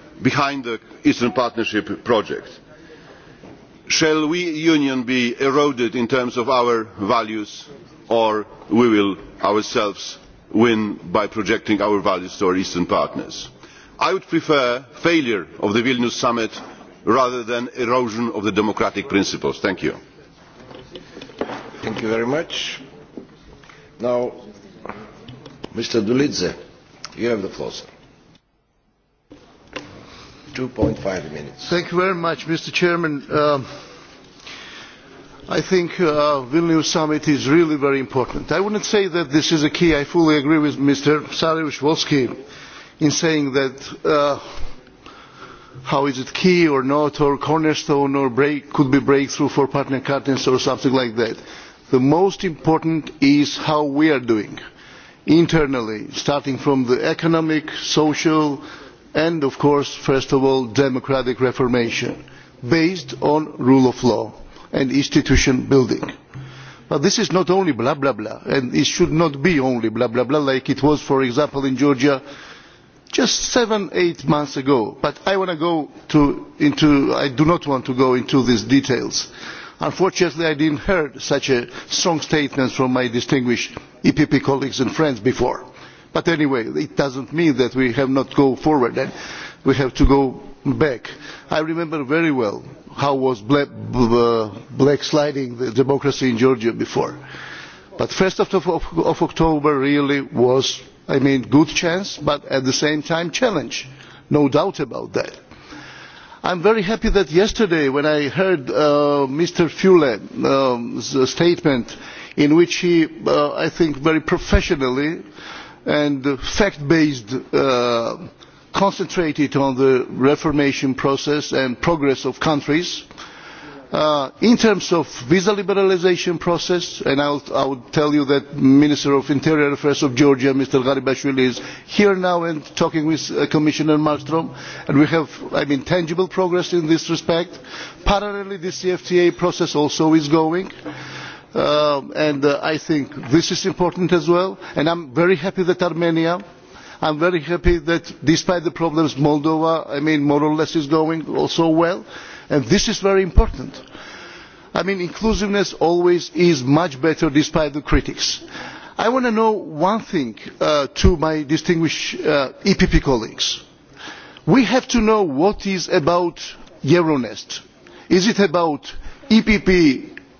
behind the Eastern Partnership project. Shall we union be eroded in terms of our values or we will ourselves win by projecting our values to our Eastern partners? I would prefer failure of the Vilnius summit rather than erosion of the democratic principles. Thank you. Thank you very much. Now, Mr. Dulidze, you have the floor, sir. 2.5 minutes. Thank you very much, Mr. Chairman. Uh, I think uh, Vilnius summit is really very important. I wouldn't say that this is a key. I fully agree with Mr. Sarevich wolski in saying that uh, how is it key or not or cornerstone or break could be breakthrough for partner countries or something like that. The most important is how we are doing internally, starting from the economic, social, and of course first of all democratic reformation based on rule of law and institution building. But this is not only blah blah blah and it should not be only blah blah blah like it was for example in Georgia just seven, eight months ago. But I want to go to, into, I do not want to go into these details. Unfortunately, I didn't hear such a strong statement from my distinguished EPP colleagues and friends before. But anyway, it doesn't mean that we have not go forward and we have to go back. I remember very well how was black, uh, black sliding the democracy in Georgia before. But 1st of, of, of October really was, I mean, good chance, but at the same time challenge. No doubt about that. I'm very happy that yesterday when I heard uh, Mr. Fule's um, statement in which he, uh, I think, very professionally and fact-based, uh, concentrated on the reformation process and progress of countries. Uh, in terms of visa liberalisation process, and I'll, I would tell you that Minister of Interior Affairs of Georgia, Mr. Garibashvili, is here now and talking with uh, Commissioner Malmström, and we have, I mean, tangible progress in this respect. Parallelly, the CFTA process also is going. Uh, uh, and uh, I think this is important as well. And I'm very happy that Armenia, I'm very happy that despite the problems, Moldova, I mean, more or less is going also well. And this is very important. I mean, inclusiveness always is much better despite the critics. I want to know one thing uh, to my distinguished uh, EPP colleagues. We have to know what is about Euronest. Is it about EPP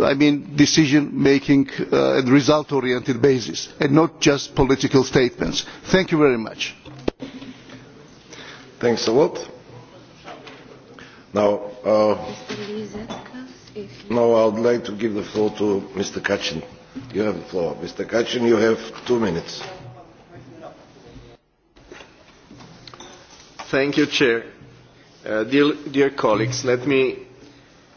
I mean decision making uh, and result oriented basis and not just political statements. Thank you very much. Thanks a lot. Now, uh, now I would like to give the floor to Mr. Kachin. You have the floor. Mr. Kachin, you have two minutes. Thank you, Chair. Uh, dear, dear colleagues, let me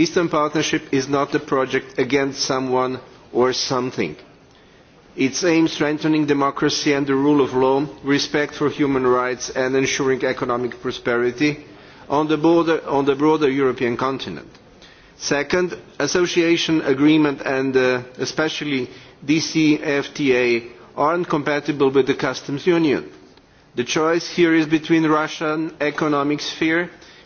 Eastern Partnership is not a project against someone or something. Its aim strengthening democracy and the rule of law, respect for human rights and ensuring economic prosperity on the, border, on the broader European continent. Second, association agreement and uh, especially DCFTA aren't compatible with the customs union. The choice here is between Russian economic sphere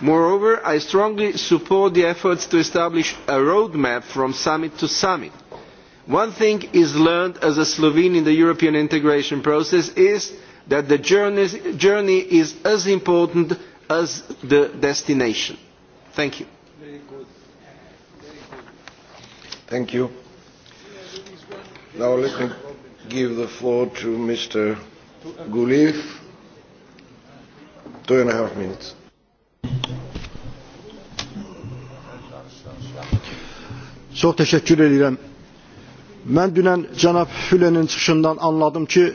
Moreover, I strongly support the efforts to establish a roadmap from summit to summit. One thing is learned as a Slovene in the European integration process is that the journey, journey is as important as the destination. Thank you. Very good. Very good. Thank you. Now let me give the floor to Mr. Guliev. Two and a half minutes. Çok teşekkür ederim. Ben dünen cənab Hülenin çıkışından anladım ki,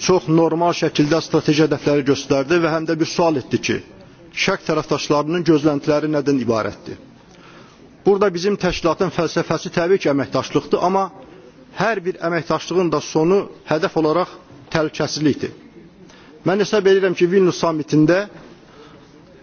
çok normal şekilde strateji hedefleri gösterdi ve hem de bir sual etti ki, şərq taraftaşlarının gözlentileri neden ibaretti. Burada bizim təşkilatın felsefesi təbii ki, əməkdaşlıqdır, ama her bir əməkdaşlığın da sonu hedef olarak təhlükəsizlikdir. Mən hesab edirəm ki, Vilnius samitinde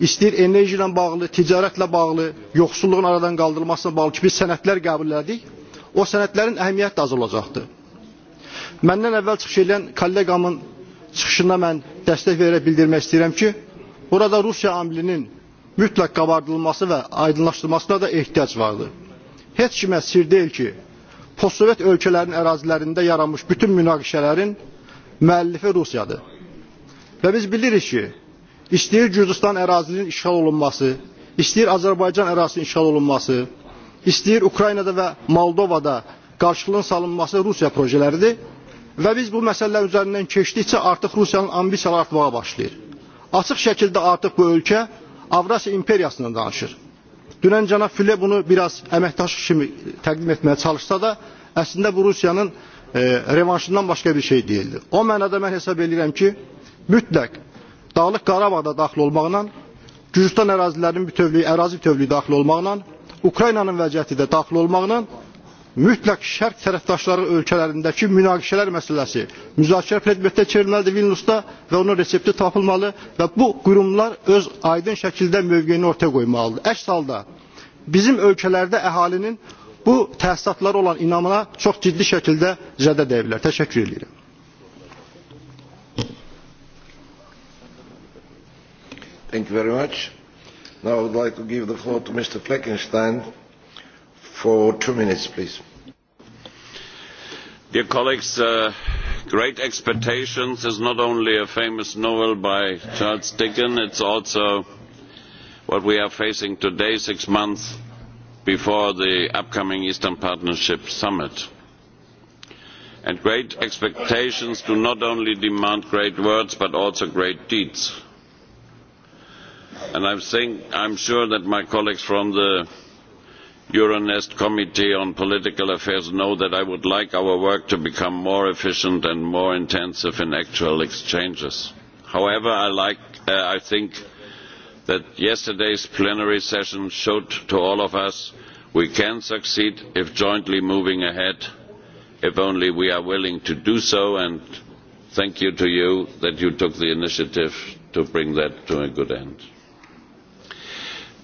istir enerji ilə bağlı, ticarətlə bağlı, yoxsulluğun aradan qaldırılmasına bağlı ki, biz sənədlər qəbul elədik, o sənədlərin əhəmiyyəti də az olacaqdır. Məndən əvvəl çıxış edən kolleqamın çıxışına mən dəstək verərək bildirmək istəyirəm ki, burada Rusiya amilinin mütləq qabardılması və aydınlaşdırılmasına da ehtiyac vardır. Heç kimə sir deyil ki, postsovet ölkələrin ərazilərində yaranmış bütün münaqişələrin müəllifi Rusiyadır. Və biz bilirik ki, istəyir Gürcüstan ərazinin işğal olunması, istəyir Azərbaycan ərazisinin işğal olunması, istəyir Ukraynada və Moldovada qarşılığın salınması Rusiya projələridir və biz bu məsələlər üzərindən keçdikcə artıq Rusiyanın ambisiyaları artmağa başlayır. Açıq şəkildə artıq bu ölkə Avrasiya imperiyasından danışır. Dünən cənab Füle bunu biraz əməkdaş kimi təqdim etməyə çalışsa da, əslində bu Rusiyanın e, revanşından başqa bir şey deyildi. O mənada mən hesab edirəm ki, mütləq Dağlıq Qarabağda daxil olmaqla, Gürcistan ərazilərinin bütövlüyü, ərazi bütövlüyü daxil olmaqla, Ukraynanın vəziyyəti də daxil olmaqla mütləq şərq tərəfdaşları ölkələrindəki münaqişələr məsələsi müzakirə predmetdə çevrilməlidir Vilnusda və onun resepti tapılmalı və bu qurumlar öz aydın şəkildə mövqeyini ortaya qoymalıdır. Əks halda bizim ölkələrdə əhalinin bu təhsilatları olan inamına çox ciddi şəkildə zədə deyə bilər. Təşəkkür edirəm. Thank you very much. Now I would like to give the floor to Mr. Fleckenstein for two minutes, please. Dear colleagues, uh, Great Expectations is not only a famous novel by Charles Dickens, it's also what we are facing today, six months before the upcoming Eastern Partnership Summit. And great expectations do not only demand great words, but also great deeds. And I think, I'm sure that my colleagues from the Euronest Committee on Political Affairs know that I would like our work to become more efficient and more intensive in actual exchanges. However, I, like, uh, I think that yesterday's plenary session showed to all of us we can succeed if jointly moving ahead, if only we are willing to do so, and thank you to you that you took the initiative to bring that to a good end.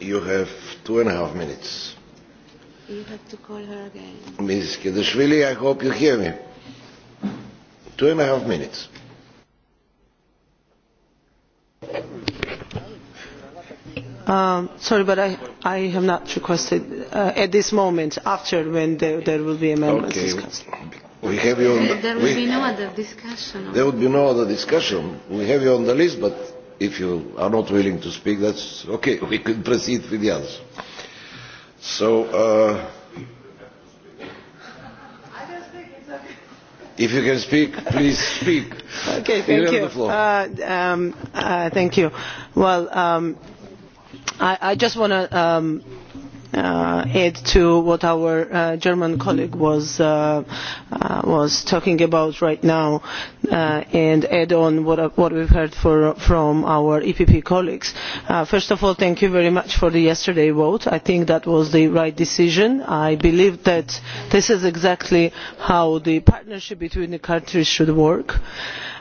You have two and a half minutes. You have to call her again. Ms. Kedishvili, I hope you hear me. Two and a half minutes. Um, sorry, but I, I have not requested uh, at this moment, after when there, there will be amendments okay. discussed. We have you on the, there will we, be no other discussion. There will be no other discussion. We have you on the list, but if you are not willing to speak, that's okay. We can proceed with the others. So, uh, If you can speak, please speak. okay, thank you. you. The floor. Uh, um, uh, thank you. Well, um, I, I just want to um, uh, add to what our uh, German colleague was uh, uh, was talking about right now, uh, and add on what uh what we've heard for, from our EPP colleagues. Uh, first of all, thank you very much for the yesterday vote. I think that was the right decision. I believe that this is exactly how the partnership between the countries should work. Uh,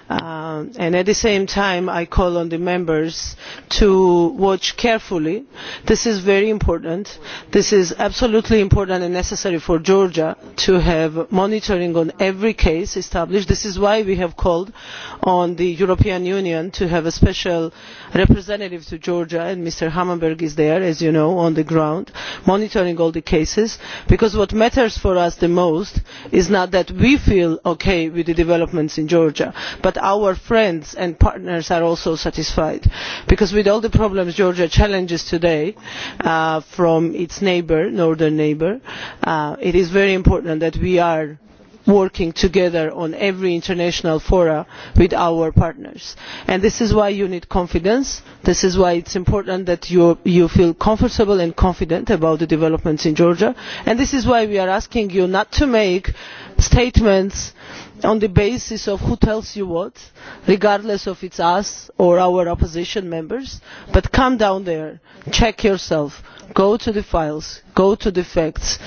Uh, and at the same time, I call on the members to watch carefully. This is very important. This is absolutely important and necessary for Georgia to have monitoring on every case established. This is why we have called on the European Union to have a special representative to Georgia, and Mr. Hammerberg is there, as you know, on the ground, monitoring all the cases, because what matters for us the most is not that we feel okay with the developments in Georgia, but our friends and partners are also satisfied. Because with all the problems Georgia challenges today uh, from its neighbor, northern neighbor, uh, it is very important that we are working together on every international fora with our partners. And this is why you need confidence. This is why it's important that you, you feel comfortable and confident about the developments in Georgia. And this is why we are asking you not to make statements on the basis of who tells you what, regardless of it's us or our opposition members, but come down there, check yourself, go to the files, go to the facts,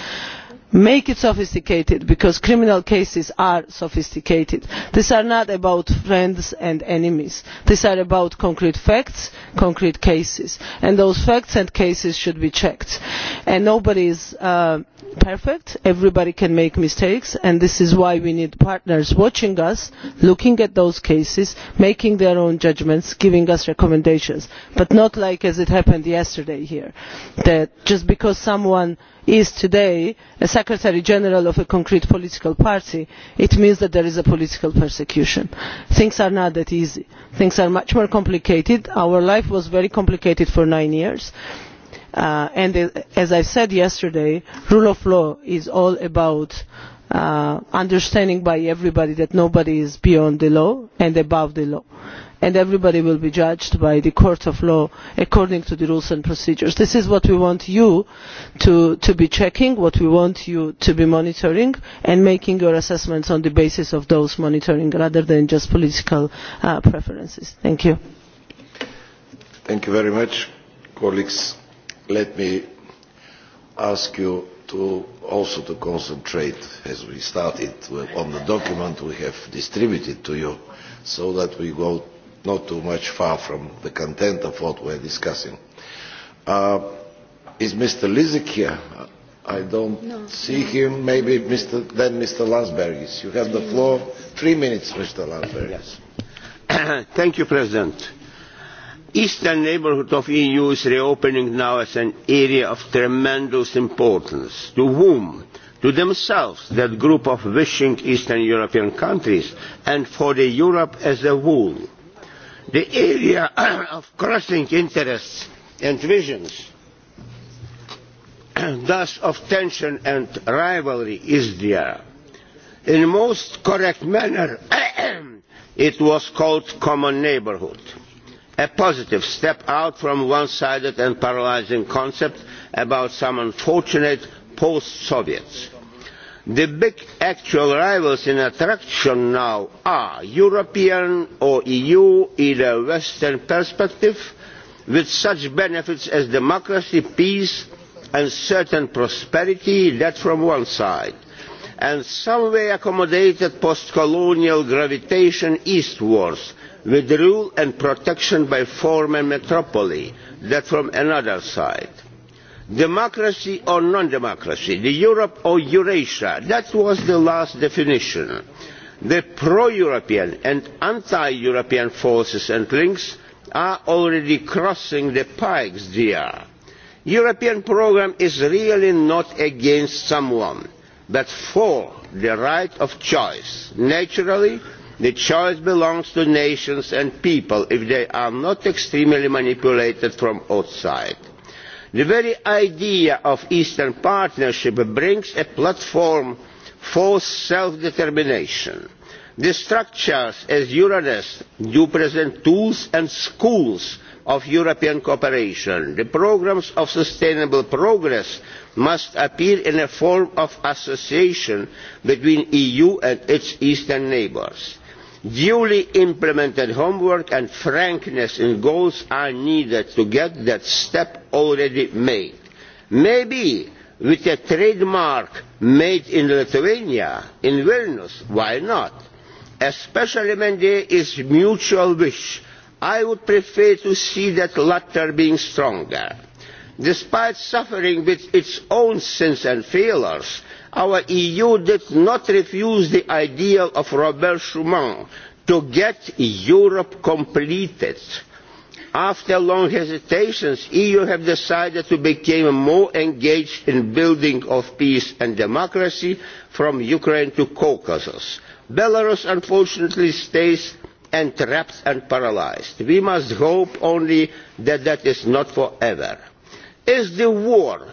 make it sophisticated because criminal cases are sophisticated. These are not about friends and enemies. These are about concrete facts, concrete cases. And those facts and cases should be checked. And nobody is... Uh, perfect everybody can make mistakes and this is why we need partners watching us looking at those cases making their own judgments giving us recommendations but not like as it happened yesterday here that just because someone is today a secretary general of a concrete political party it means that there is a political persecution things are not that easy things are much more complicated our life was very complicated for nine years Uh, and uh, as I said yesterday, rule of law is all about uh, understanding by everybody that nobody is beyond the law and above the law. And everybody will be judged by the court of law according to the rules and procedures. This is what we want you to, to be checking, what we want you to be monitoring, and making your assessments on the basis of those monitoring rather than just political uh, preferences. Thank you. Thank you very much, colleagues let me ask you to also to concentrate, as we started, on the document we have distributed to you, so that we go not too much far from the content of what we're discussing. Uh, is Mr. Lizik here? I don't no, see no. him. Maybe Mr. then Mr. Lansbergis. You have the floor. Three minutes, Mr. Lansbergis. Yes. Thank you, President. Eastern neighborhood of EU is reopening now as an area of tremendous importance. To whom? To themselves, that group of wishing Eastern European countries, and for the Europe as a whole. The area of crossing interests and visions, thus of tension and rivalry, is there. In most correct manner, it was called common neighborhood a positive step out from one sided and paralysing concept about some unfortunate post Soviets. The big actual rivals in attraction now are European or EU in a Western perspective, with such benefits as democracy, peace, and certain prosperity, that from one side, and some way accommodated post colonial gravitation eastwards with rule and protection by former metropoly that from another side. Democracy or non-democracy, the Europe or Eurasia, that was the last definition. The pro-European and anti-European forces and links are already crossing the pikes there. European program is really not against someone, but for the right of choice, naturally The choice belongs to nations and people if they are not extremely manipulated from outside. The very idea of Eastern Partnership brings a platform for self-determination. The structures as Euronest do present tools and schools of European cooperation. The programmes of sustainable progress must appear in a form of association between the EU and its eastern neighbours. Duly implemented homework and frankness in goals are needed to get that step already made. Maybe with a trademark made in Lithuania, in Vilnius, why not? Especially when there is mutual wish. I would prefer to see that latter being stronger. Despite suffering with its own sins and failures, our EU did not refuse the ideal of Robert Schuman to get Europe completed. After long hesitations, the EU have decided to become more engaged in building of peace and democracy from Ukraine to Caucasus. Belarus unfortunately stays entrapped and paralyzed. We must hope only that that is not forever. Is the war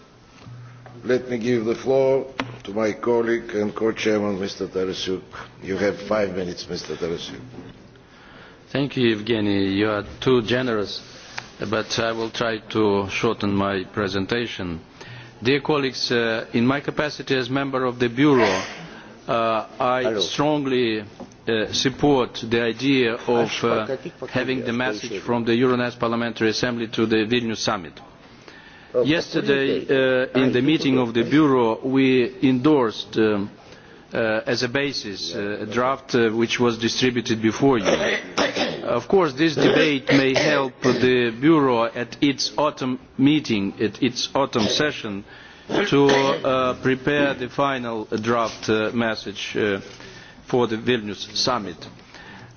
Let me give the floor to my colleague and co-chairman, Mr. Tarasuk. You have five minutes, Mr. Tarasuk. Thank you, Evgeny. You are too generous, but I will try to shorten my presentation. Dear colleagues, uh, in my capacity as member of the Bureau, uh, I Hello. strongly uh, support the idea of uh, having the message from the Euronest Parliamentary Assembly to the Vilnius Summit. Yesterday, uh, in the meeting of the Bureau, we endorsed um, uh, as a basis uh, a draft uh, which was distributed before you. of course, this debate may help the Bureau at its autumn meeting, at its autumn session, to uh, prepare the final draft uh, message uh, for the Vilnius summit.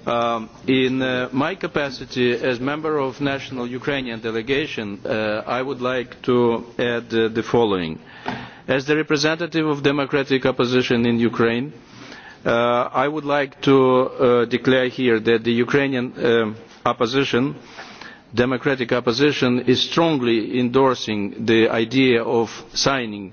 Um, in uh, my capacity as member of National Ukrainian Delegation, uh, I would like to add uh, the following. As the representative of democratic opposition in Ukraine, uh, I would like to uh, declare here that the Ukrainian um, opposition, democratic opposition, is strongly endorsing the idea of signing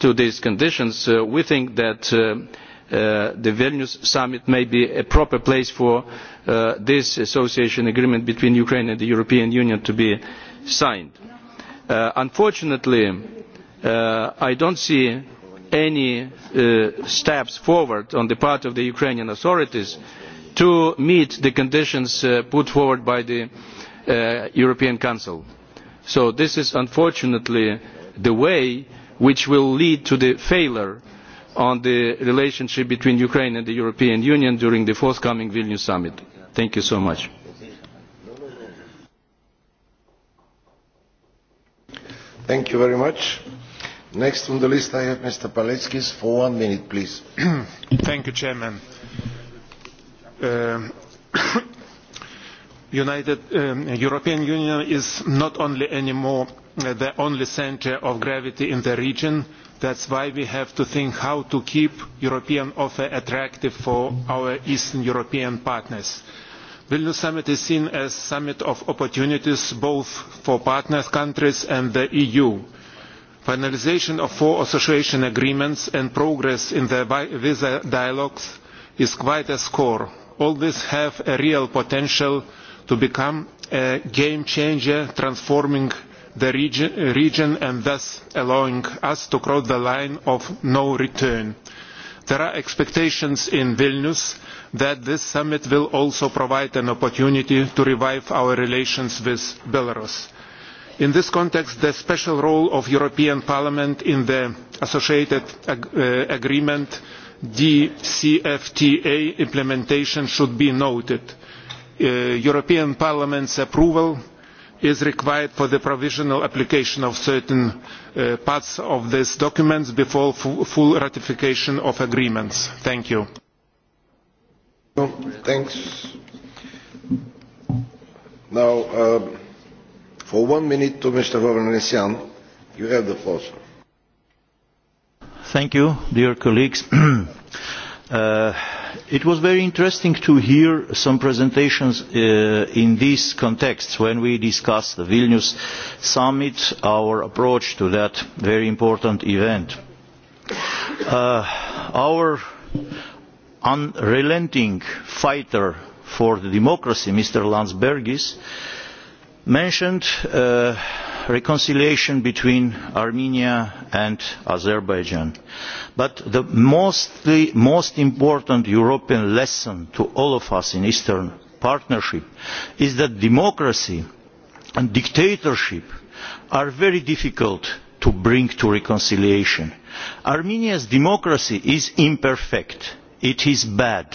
to these conditions, uh, we think that uh, uh, the Vilnius summit may be a proper place for uh, this association agreement between Ukraine and the European Union to be signed. Uh, unfortunately, uh, I don't see any uh, steps forward on the part of the Ukrainian authorities to meet the conditions uh, put forward by the uh, European Council. So this is unfortunately the way which will lead to the failure on the relationship between Ukraine and the European Union during the forthcoming Vilnius summit. Thank you so much. Thank you very much. Next on the list I have Mr. Paleckis for one minute, please. Thank you, Chairman. Uh, United um, European Union is not only anymore Uh, the only centre of gravity in the region. That's why we have to think how to keep European offer attractive for our Eastern European partners. Vilnius Summit is seen as a summit of opportunities both for partner countries and the EU. Finalization of four association agreements and progress in the visa dialogues is quite a score. All this have a real potential to become a game changer transforming the region and thus allowing us to cross the line of no return. There are expectations in Vilnius that this summit will also provide an opportunity to revive our relations with Belarus. In this context, the special role of European Parliament in the associated ag uh, agreement DCFTA implementation should be noted. Uh, European Parliament's approval is required for the provisional application of certain uh, parts of these documents before full ratification of agreements. Thank you. Thanks. Now, uh, for one minute to Mr. Vavranesian, you have the floor. Sir. Thank you, dear colleagues. uh, It was very interesting to hear some presentations uh, in this context when we discussed the Vilnius summit, our approach to that very important event. Uh, our unrelenting fighter for democracy, Mr. Landsbergis, mentioned uh, reconciliation between Armenia and Azerbaijan. But the mostly, most important European lesson to all of us in Eastern Partnership is that democracy and dictatorship are very difficult to bring to reconciliation. Armenia's democracy is imperfect. It is bad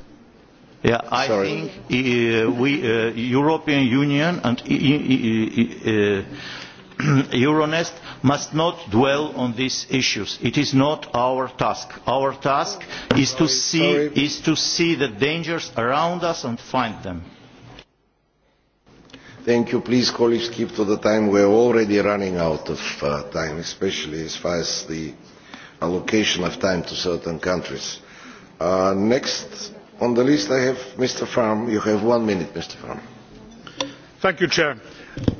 Yeah, I Sorry. think uh, we, uh, European Union and uh, uh, uh, uh, Euronest must not dwell on these issues. It is not our task. Our task is to see, Sorry. is to see the dangers around us and find them. Thank you. Please, colleagues, keep to the time. We're already running out of uh, time, especially as far as the allocation of time to certain countries. Uh, next On the list I have Mr. Farm. You have one minute, Mr. Farm. Thank you, Chair.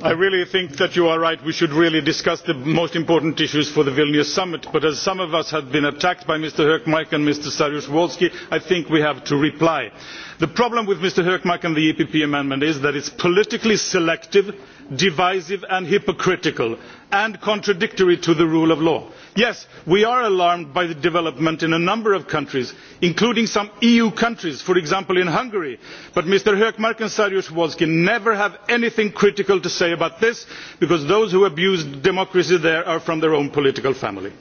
I really think that you are right. We should really discuss the most important issues for the Vilnius summit. But as some of us have been attacked by Mr. Herkmark and Mr. Saryusz-Wolski, I think we have to reply. The problem with Mr Herkmark and the EPP amendment is that it is politically selective, divisive and hypocritical and contradictory to the rule of law. Yes, we are alarmed by the development in a number of countries, including some EU countries, for example in Hungary. But Mr. Herkmark and Saryusz Wolski never have anything critical to say about this because those who abuse democracy there are from their own political family.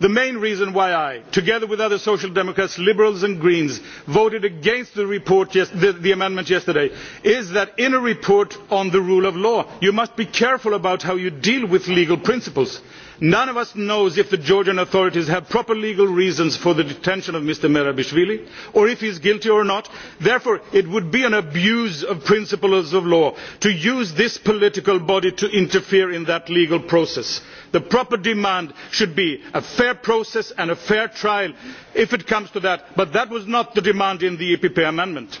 The main reason why I, together with other Social Democrats, Liberals and Greens, voted against the, amendment yesterday is that in a report on the rule of law, you must be careful about how you deal with legal principles. None of us knows if the Georgian authorities have proper legal reasons for the detention of Mr. Merabishvili or if he is guilty or not. Therefore, it would be an abuse of principles of law to use this political body to interfere in that legal process. The proper demand should be a fair process and a fair trial if it comes to that, but that was not the demand in the EPP amendment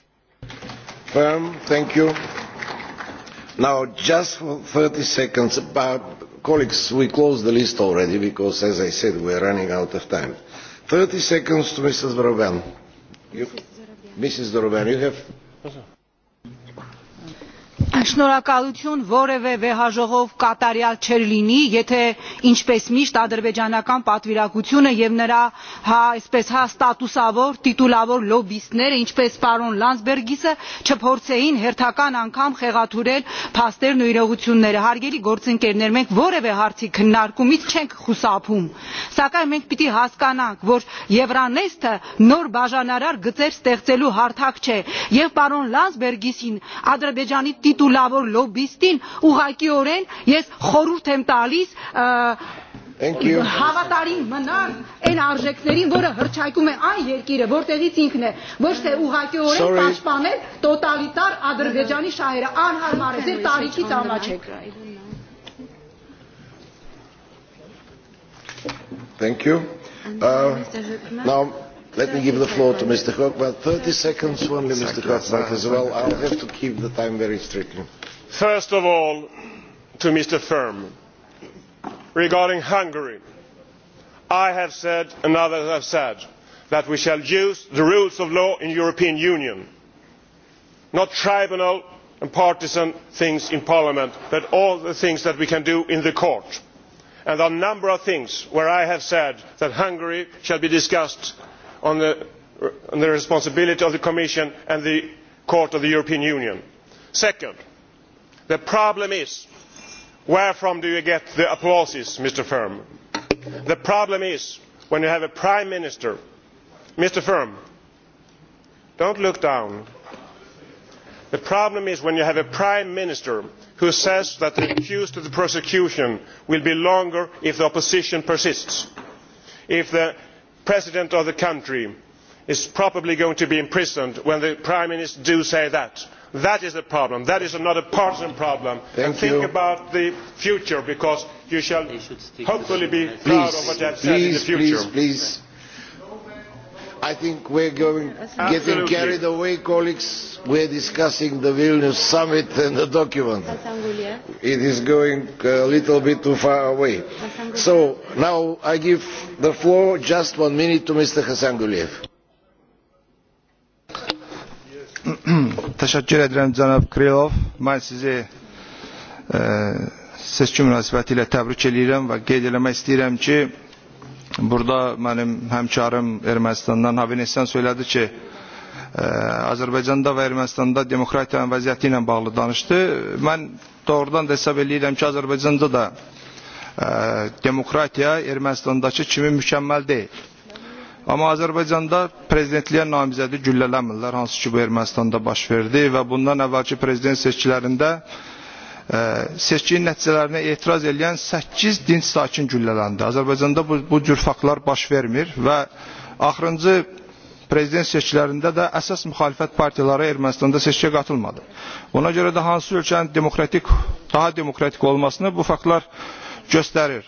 firm. Thank you. Now, just for 30 seconds, but colleagues, we closed the list already because, as I said, we are running out of time. 30 seconds to Mrs. Doroban. You, Mrs. Doroban, you have. Շնորհակալություն որևէ վեհաժողով կատարյալ չեր լինի, եթե ինչպես միշտ ադրբեջանական պատվիրակությունը եւ նրա հա այսպես հա ստատուսավոր, տիտուլավոր լոբիստները, ինչպես պարոն Լանսբերգիսը չփորձեին հերթական անգամ խեղաթուրել փաստերն ու իրողությունները։ Հարգելի գործընկերներ, մենք որևէ հարցի քննարկումից չենք խուսափում, սակայն մենք պիտի հասկանանք, որ Եվրանեստը նոր բաժանարար գծեր ստեղծելու հարթակ չէ, եւ պարոն Լանսբերգիսին ադրբեջանի տիտուլ դու լավոր լոբիստին ուղղակիորեն ես խորհուրդ եմ տալիս հավատարիմ մնար այն արժեքներին, որը հրճայկում է այն երկիրը, որտեղից ինքն է, ոչ թե ուղղակիորեն պաշտպանել տոտալիտար Ադրբեջանի շահերը, անհարմար է, ձեր տարիքից ամաչեք։ Thank you. Uh, uh now, Let me give the floor to Mr. Koch, but 30 seconds only, Mr. Koch, as well. I'll have to keep the time very strictly. First of all, to Mr. Firm, regarding Hungary, I have said, and others have said, that we shall use the rules of law in the European Union, not tribunal and partisan things in Parliament, but all the things that we can do in the court. And there are a number of things where I have said that Hungary shall be discussed on the, responsibility of the Commission and the Court of the European Union. Second, the problem is where from do you get the applause, Mr. Firm? The problem is when you have a Prime Minister, Mr. Firm, not look down. The problem is when you have a Prime Minister who says that the accused of the prosecution will be longer if the opposition persists, if the president of the country is probably going to be imprisoned when the prime minister does say that. that is a problem. that is not a partisan problem. think about the future because you shall hopefully be proud of what you have said in the future. I think we're going, Absolutely. getting carried away, colleagues. We're discussing the Vilnius summit and the document. It is going a little bit too far away. So now I give the floor just one minute to Mr. Hassan Guliev. ederim Canap Krilov. Ben sizi e, seçim münasebetiyle tebrik ediyorum ve gelirleme istedim ki Burada benim hemkarım Ermenistan'dan Havinistan söyledi ki, e, Azərbaycanda və Ermənistanda demokratiyanın vəziyyəti ilə bağlı danışdı. Mən doğrudan da hesab edirəm ki, Azərbaycanda da e, demokratiya Ermənistandakı kimi mükəmməl deyil. Amma Azərbaycanda prezidentliyə namizədi güllələmirlər, hansı ki bu Ermənistanda baş verdi və bundan əvvəlki prezident seçkilərində seçkin nəticələrinə etiraz edən 8 dinç sakin güllələndi. Azərbaycanda bu, bu cür faktlar baş vermir və axırıncı prezident seçkilərində də əsas müxalifət partiyaları Ermənistanda seçkiyə qatılmadı. Ona görə də hansı ölkənin demokratik, daha demokratik olmasını bu faktlar göstərir.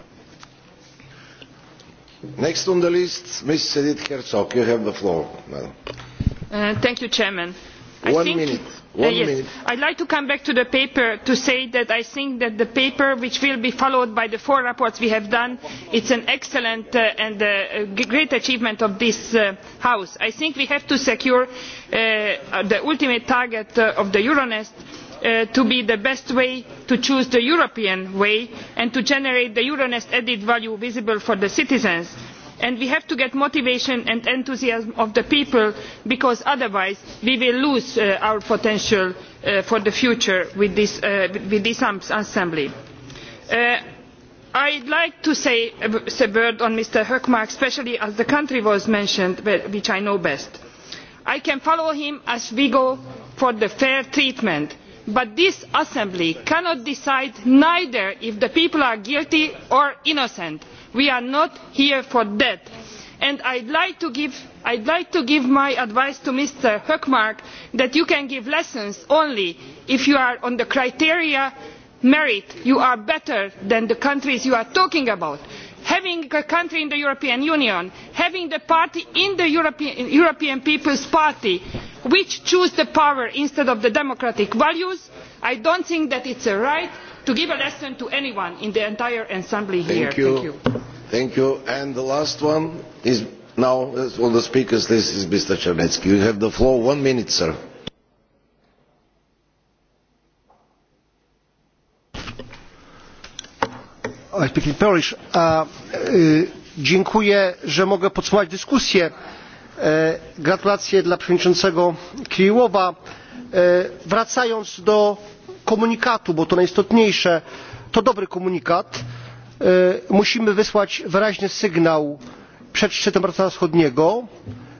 Next on the list, Ms. Sedit Herzog, you have the floor, madam. Uh, thank you, Chairman. I One think, minute. Uh, one uh, yes, minute. I'd like to come back to the paper to say that I think that the paper, which will be followed by the four reports we have done, it's an excellent uh, and uh, great achievement of this uh, House. I think we have to secure uh, the ultimate target uh, of the Euronest uh, to be the best way to choose the European way and to generate the Euronest added value visible for the citizens. And we have to get motivation and enthusiasm of the people because otherwise we will lose uh, our potential uh, for the future with this, uh, with this assembly. Uh, I would like to uh, say a word on Mr. Hökmark, especially as the country was mentioned, which I know best. I can follow him as we go for the fair treatment but this assembly cannot decide neither if the people are guilty or innocent. we are not here for that. and i would like, like to give my advice to mr hkmark that you can give lessons only if you are on the criteria merit you are better than the countries you are talking about having a country in the European Union, having the party in the European, European People's Party, which choose the power instead of the democratic values, I don't think that it's a right to give a lesson to anyone in the entire assembly here. Thank you. Thank you. Thank you. And the last one is now on uh, the speakers list is Mr. Chernetsky. You have the floor. One minute, sir. A, y, e, dziękuję, że mogę podsumować dyskusję. E, gratulacje dla przewodniczącego Kirilłowa. E, wracając do komunikatu, bo to najistotniejsze, to dobry komunikat. E, musimy wysłać wyraźny sygnał przed szczytem Partnerstwa Wschodniego,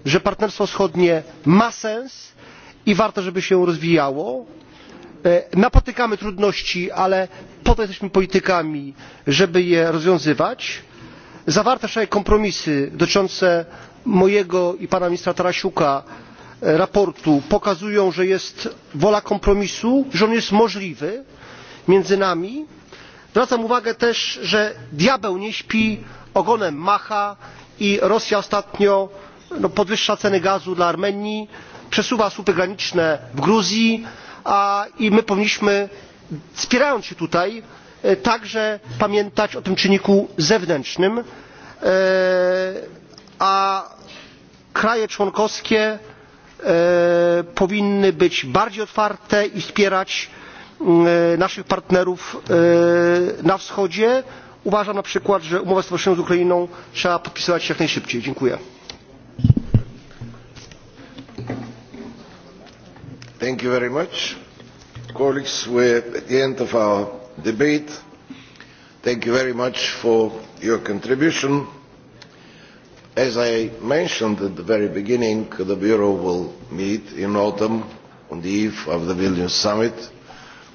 że Partnerstwo Wschodnie ma sens i warto, żeby się rozwijało E, napotykamy trudności ale po to jesteśmy politykami żeby je rozwiązywać. zawarte wczoraj kompromisy dotyczące mojego i pana ministra tarasiuka sprawozdania e, pokazują że jest wola kompromisu że on jest możliwy między nami. zwracam uwagę też że diabeł nie śpi ogonem macha i rosja ostatnio no, podwyższa ceny gazu dla armenii przesuwa słupy graniczne w gruzji a i my powinniśmy wspierając się tutaj e, także pamiętać o tym czynniku zewnętrznym e, a kraje członkowskie e, powinny być bardziej otwarte i wspierać naszych partnerów na wschodzie. Uważam na przykład, że umowę stowarzyszeniową z Ukrainą trzeba podpisywać jak najszybciej. Dziękuję. Thank you very much. Colleagues, we're at the end of our debate. Thank you very much for your contribution. As I mentioned at the very beginning, the Bureau will meet in autumn on the eve of the Vilnius Summit.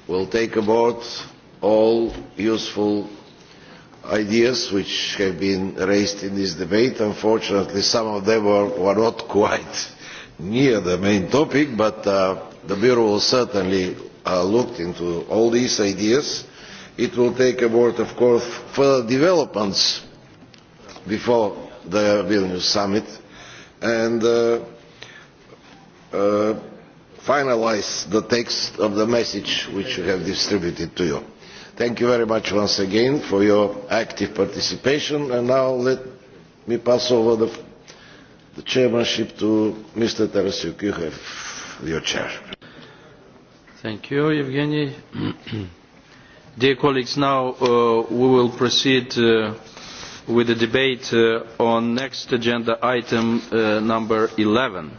We'll take aboard all useful ideas which have been raised in this debate. Unfortunately, some of them were, were not quite near the main topic, but uh, the Bureau will certainly uh, look into all these ideas. It will take about, of course, further developments before the Vilnius summit and uh, uh, finalize the text of the message which we have distributed to you. Thank you very much once again for your active participation and now let me pass over the, the chairmanship to Mr. Tarasuk. You have your chair. Thank you, Evgeny. Dear colleagues, now uh, we will proceed uh, with the debate uh, on next agenda item uh, number 11.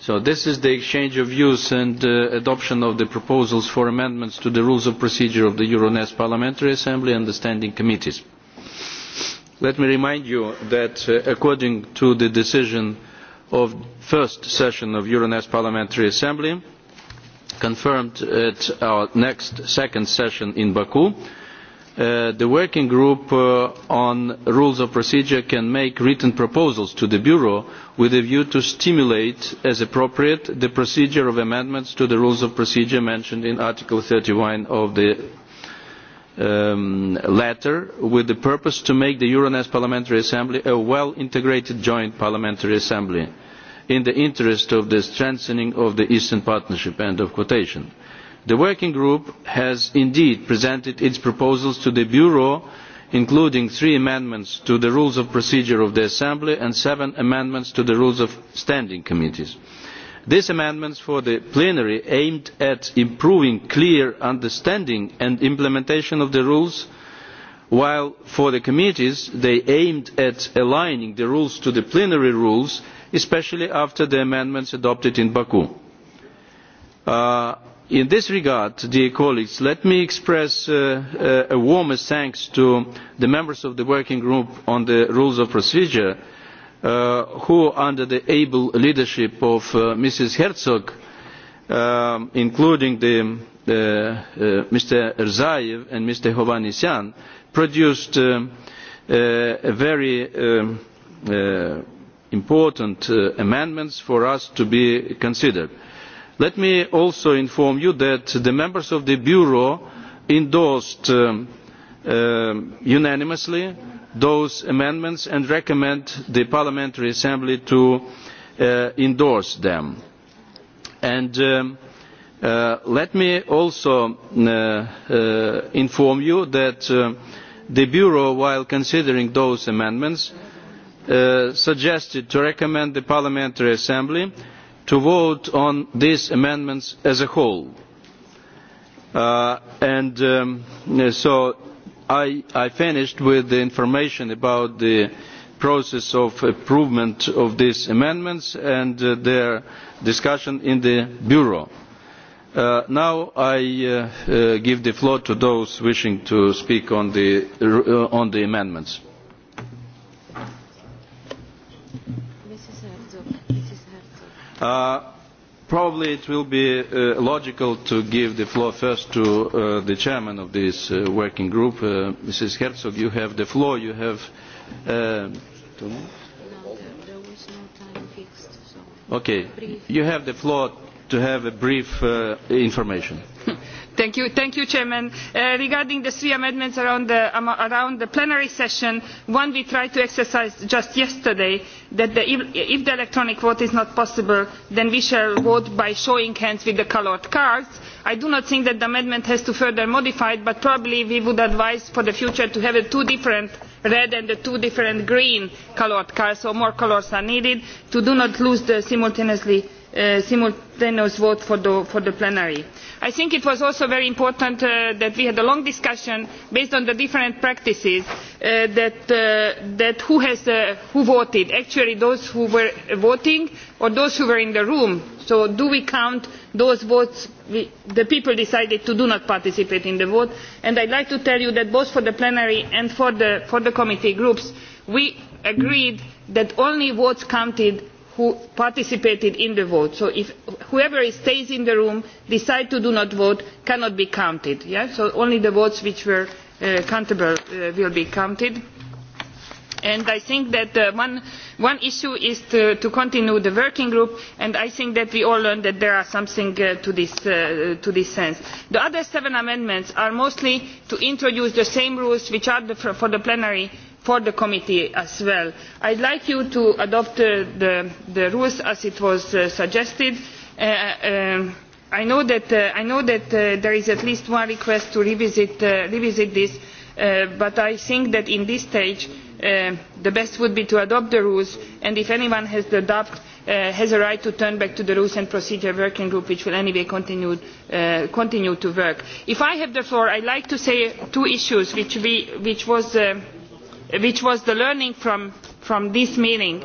So this is the exchange of views and uh, adoption of the proposals for amendments to the rules of procedure of the Euronest Parliamentary Assembly and the standing committees. Let me remind you that uh, according to the decision of first session of Euronest Parliamentary Assembly, confirmed at our next second session in Baku. Uh, the working group uh, on rules of procedure can make written proposals to the Bureau with a view to stimulate, as appropriate, the procedure of amendments to the rules of procedure mentioned in Article thirty one of the um, letter with the purpose to make the Euronest Parliamentary Assembly a well-integrated joint parliamentary assembly in the interest of the strengthening of the Eastern Partnership. End of quotation. The working group has indeed presented its proposals to the Bureau, including three amendments to the rules of procedure of the Assembly and seven amendments to the rules of standing committees. These amendments for the plenary aimed at improving clear understanding and implementation of the rules, while for the committees they aimed at aligning the rules to the plenary rules especially after the amendments adopted in Baku. Uh, in this regard, dear colleagues, let me express uh, uh, a warmest thanks to the members of the working group on the rules of procedure uh, who, under the able leadership of uh, Mrs. Herzog, um, including the, uh, uh, Mr. Erzaev and Mr. Hovanisyan, produced uh, uh, a very um, uh, important uh, amendments for us to be considered. Let me also inform you that the members of the Bureau endorsed um, uh, unanimously those amendments and recommend the Parliamentary Assembly to uh, endorse them. And um, uh, let me also uh, uh, inform you that uh, the Bureau, while considering those amendments, uh, Uh, suggested to recommend the Parliamentary Assembly to vote on these amendments as a whole. Uh, and um, so I, I finished with the information about the process of improvement of these amendments and uh, their discussion in the Bureau. Uh, now I uh, uh, give the floor to those wishing to speak on the, uh, on the amendments. Uh, probably it will be uh, logical to give the floor first to uh, the chairman of this uh, working group, uh, Mrs. Herzog. You have the floor. You have uh, two minutes. Okay, you have the floor to have a brief uh, information. Thank you, thank you Chairman. Uh, regarding the three amendments around the, um, around the plenary session, one we tried to exercise just yesterday, that the, if the electronic vote is not possible, then we shall vote by showing hands with the coloured cards. I do not think that the amendment has to further modify it, but probably we would advise for the future to have two different red and the two different green coloured cards, so more colours are needed, to do not lose the simultaneously Uh, simultaneous vote for the, for the plenary. I think it was also very important uh, that we had a long discussion based on the different practices uh, that, uh, that who, has, uh, who voted, actually those who were voting or those who were in the room. So do we count those votes we, the people decided to do not participate in the vote? And I'd like to tell you that both for the plenary and for the, for the committee groups, we agreed that only votes counted who participated in the vote. So if whoever stays in the room decides to do not vote cannot be counted. Yeah? So only the votes which were uh, countable uh, will be counted. And I think that uh, one, one issue is to, to continue the working group, and I think that we all learned that there are something uh, to, this, uh, to this sense. The other seven amendments are mostly to introduce the same rules which are the, for, for the plenary for the committee as well. I would like you to adopt uh, the, the rules as it was uh, suggested. Uh, uh, I know that, uh, I know that uh, there is at least one request to revisit, uh, revisit this, uh, but I think that in this stage uh, the best would be to adopt the rules, and if anyone has the doubt, uh, has a right to turn back to the Rules and Procedure Working Group, which will anyway continue, uh, continue to work. If I have the floor, I'd like to say two issues which, we, which was uh, which was the learning from, from this meeting.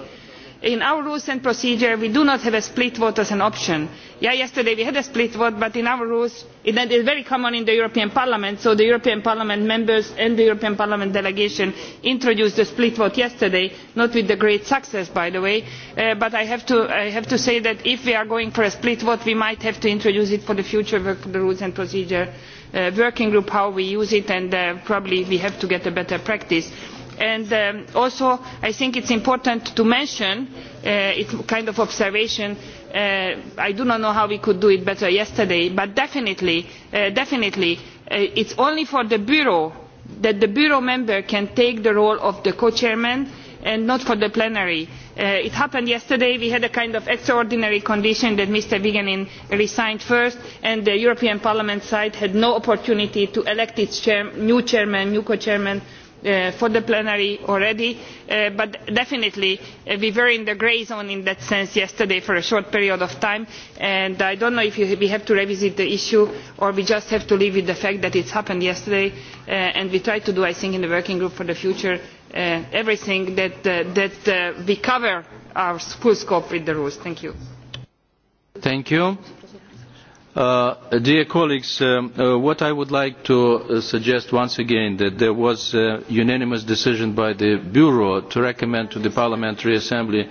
In our rules and procedure, we do not have a split vote as an option. Yeah, yesterday we had a split vote, but in our rules, it is very common in the European Parliament, so the European Parliament members and the European Parliament delegation introduced the split vote yesterday, not with the great success, by the way, uh, but I have, to, I have to say that if we are going for a split vote, we might have to introduce it for the future work, the rules and procedure uh, working group, how we use it, and uh, probably we have to get a better practice and um, also I think it's important to mention, uh, it's kind of observation, uh, I do not know how we could do it better yesterday, but definitely, uh, definitely uh, it's only for the Bureau that the Bureau member can take the role of the co-chairman and not for the plenary. Uh, it happened yesterday. We had a kind of extraordinary condition that Mr. Viganin resigned first, and the European Parliament side had no opportunity to elect its chair, new chairman, new co-chairman uh, for the plenary already, uh, but definitely uh, we were in the grey zone in that sense yesterday for a short period of time, and I don't know if you, we have to revisit the issue or we just have to live with the fact that it's happened yesterday, uh, and we try to do, I think, in the working group for the future, uh, everything that, uh, that uh, we cover our full scope with the rules. Thank you. Thank you. Uh, dear colleagues, um, uh, what I would like to uh, suggest once again that there was a unanimous decision by the Bureau to recommend to the Parliamentary Assembly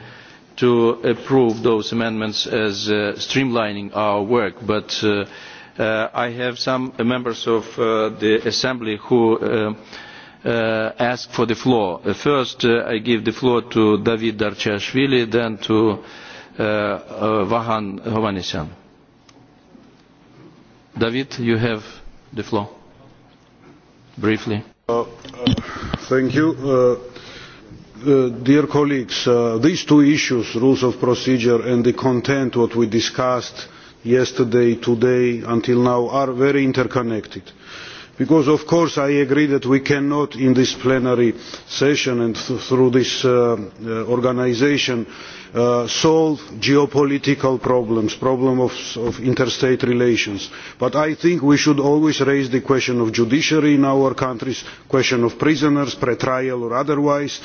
to approve those amendments as uh, streamlining our work, but uh, uh, I have some members of uh, the Assembly who uh, uh, ask for the floor. Uh, first, uh, I give the floor to David Darchashvili, then to uh, uh, Vahan Hovanisyan. David, you have the floor. Briefly. Uh, uh, thank you. Uh, Uh, dear colleagues, uh, these two issues, rules of procedure and the content what we discussed yesterday, today, until now, are very interconnected. Because of course I agree that we cannot in this plenary session and th through this uh, uh, organization Uh, solve geopolitical problems, problem of, of interstate relations. But I think we should always raise the question of judiciary in our countries, question of prisoners, pre-trial or otherwise.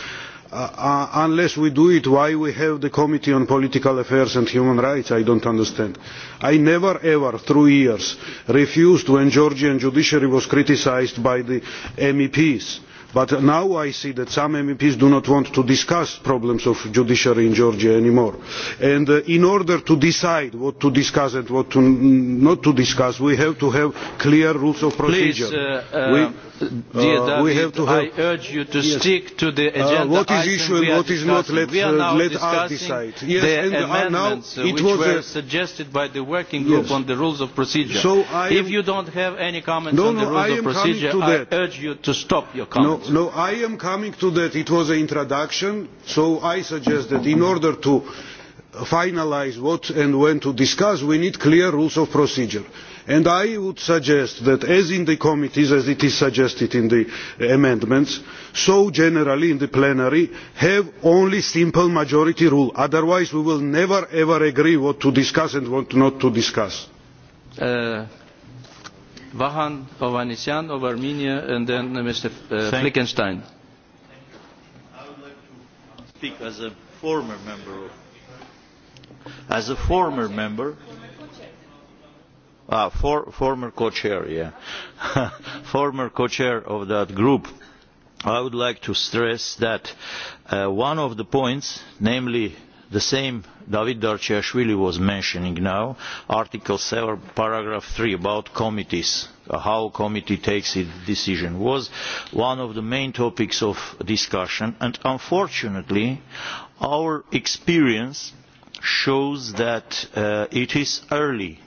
Uh, uh, unless we do it, why we have the Committee on Political Affairs and Human Rights, I don't understand. I never ever, through years, refused when Georgian judiciary was criticized by the MEPs But now I see that some MEPs do not want to discuss problems of judiciary in Georgia anymore. And uh, in order to decide what to discuss and what to not to discuss, we have to have clear rules of procedure. Please, uh, uh... We uh, Uh, Dear David, we have to help. I urge you to yes. stick to the uh, agenda. what is issue and what is not, let, uh, let us decide. Yes, the and amendments now it which was were a... suggested by the working group yes. on the rules of procedure. So I am... If you don't have any comments no, on the rules no, of procedure, I that. urge you to stop your comments. No, no, I am coming to that. It was an introduction, so I suggest that in order to finalize what and when to discuss, we need clear rules of procedure. And I would suggest that as in the committees, as it is suggested in the uh, amendments, so generally in the plenary, have only simple majority rule. Otherwise we will never ever agree what to discuss and what not to discuss. Uh, Vahan Ovanisyan of Armenia and then uh, Mr. Uh, Flickenstein. as a former member of as a former member Ah, for, former co-chair, yeah. former co-chair of that group. I would like to stress that uh, one of the points, namely the same David Darciashvili was mentioning now, Article 7, paragraph 3 about committees, uh, how committee takes its decision, was one of the main topics of discussion. And unfortunately, our experience shows that uh, it is early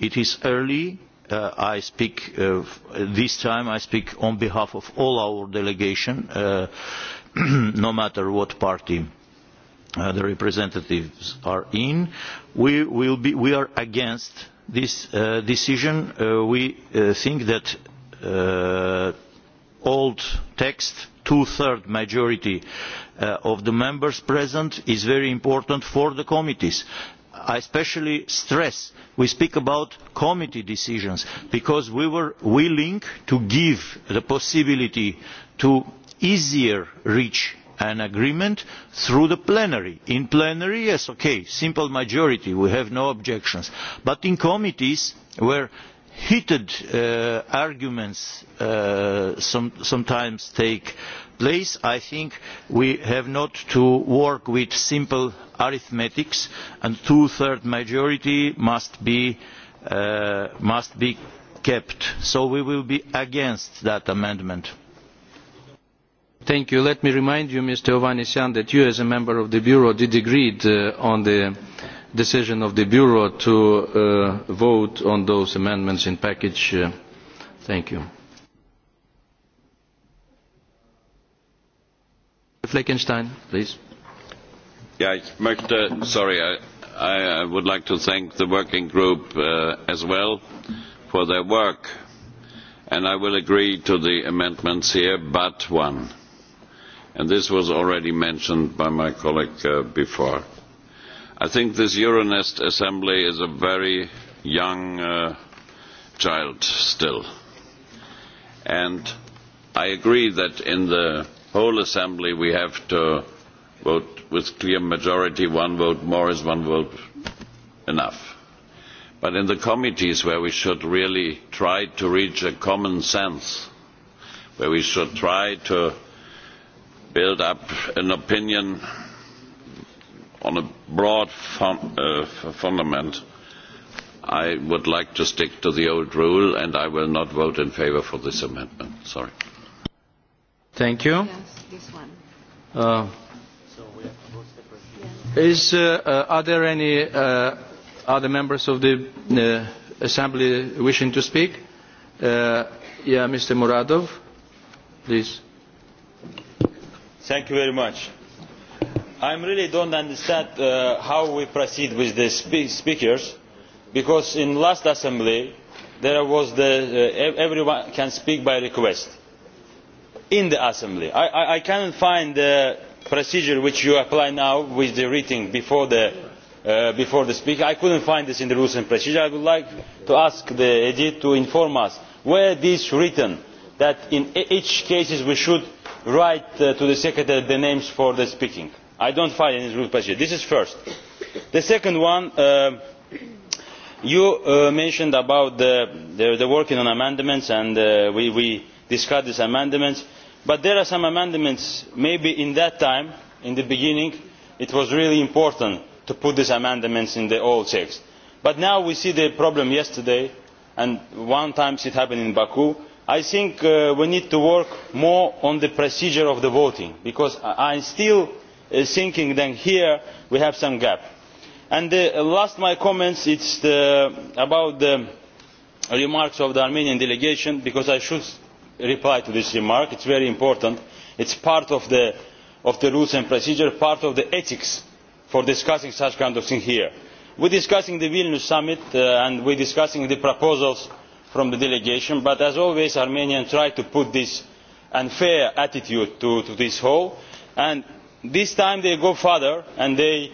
It is early. Uh, I speak, uh, this time I speak on behalf of all our delegation, uh, no matter what party uh, the representatives are in. We, will be, we are against this uh, decision. Uh, we uh, think that uh, old text, two-thirds majority uh, of the members present is very important for the committees I especially stress we speak about committee decisions because we were willing to give the possibility to easier reach an agreement through the plenary. In plenary, yes, okay, simple majority, we have no objections. But in committees where heated uh, arguments uh, some, sometimes take place, I think we have not to work with simple arithmetics and two-thirds majority must be, uh, must be kept. So we will be against that amendment. Thank you. Let me remind you, Mr. Ovanisian, that you as a member of the Bureau did agree uh, on the decision of the Bureau to uh, vote on those amendments in package. Uh, thank you. Fleckenstein, please. Ja, ich möchte, sorry, I, I would like to thank the working group uh, as well for their work. And I will agree to the amendments here, but one. And this was already mentioned by my colleague uh, before. I think this Euronest assembly is a very young uh, child still. And I agree that in the whole assembly we have to vote with clear majority, one vote more is one vote enough. But in the committees where we should really try to reach a common sense, where we should try to build up an opinion on a broad fun, uh, fundament, I would like to stick to the old rule, and I will not vote in favor for this amendment. Sorry. Thank you. Yes, this one. Uh, so we have to vote Yeah. Is, uh, uh, are there any uh, other members of the uh, Assembly wishing to speak? Uh, yeah, Mr. Muradov, please. Thank you very much. I really don't understand uh, how we proceed with the spe speakers, because in last assembly there was the, uh, everyone can speak by request in the assembly. I, I, I cannot find the procedure which you apply now with the reading before the, uh, before the speaker. I couldn't find this in the rules and procedure. I would like to ask the edit to inform us where this written that in e-, each case we should write uh, to the secretary the names for the speaking. I do not find any rules procedure. This is first. The second one, uh, you uh, mentioned about the, the, the working on amendments and uh, we, we discussed these amendments. But there are some amendments, maybe in that time, in the beginning, it was really important to put these amendments in the old text. But now we see the problem yesterday, and one time it happened in Baku. I think uh, we need to work more on the procedure of the voting, because I, I still thinking, uh, then here we have some gap. And the uh, last my comments, is about the remarks of the Armenian delegation, because I should reply to this remark. It's very important. It's part of the, of the rules and procedure, part of the ethics for discussing such kind of thing here. We're discussing the Vilnius summit uh, and we're discussing the proposals from the delegation, but as always, Armenians try to put this unfair attitude to, to this whole. And This time they go further and they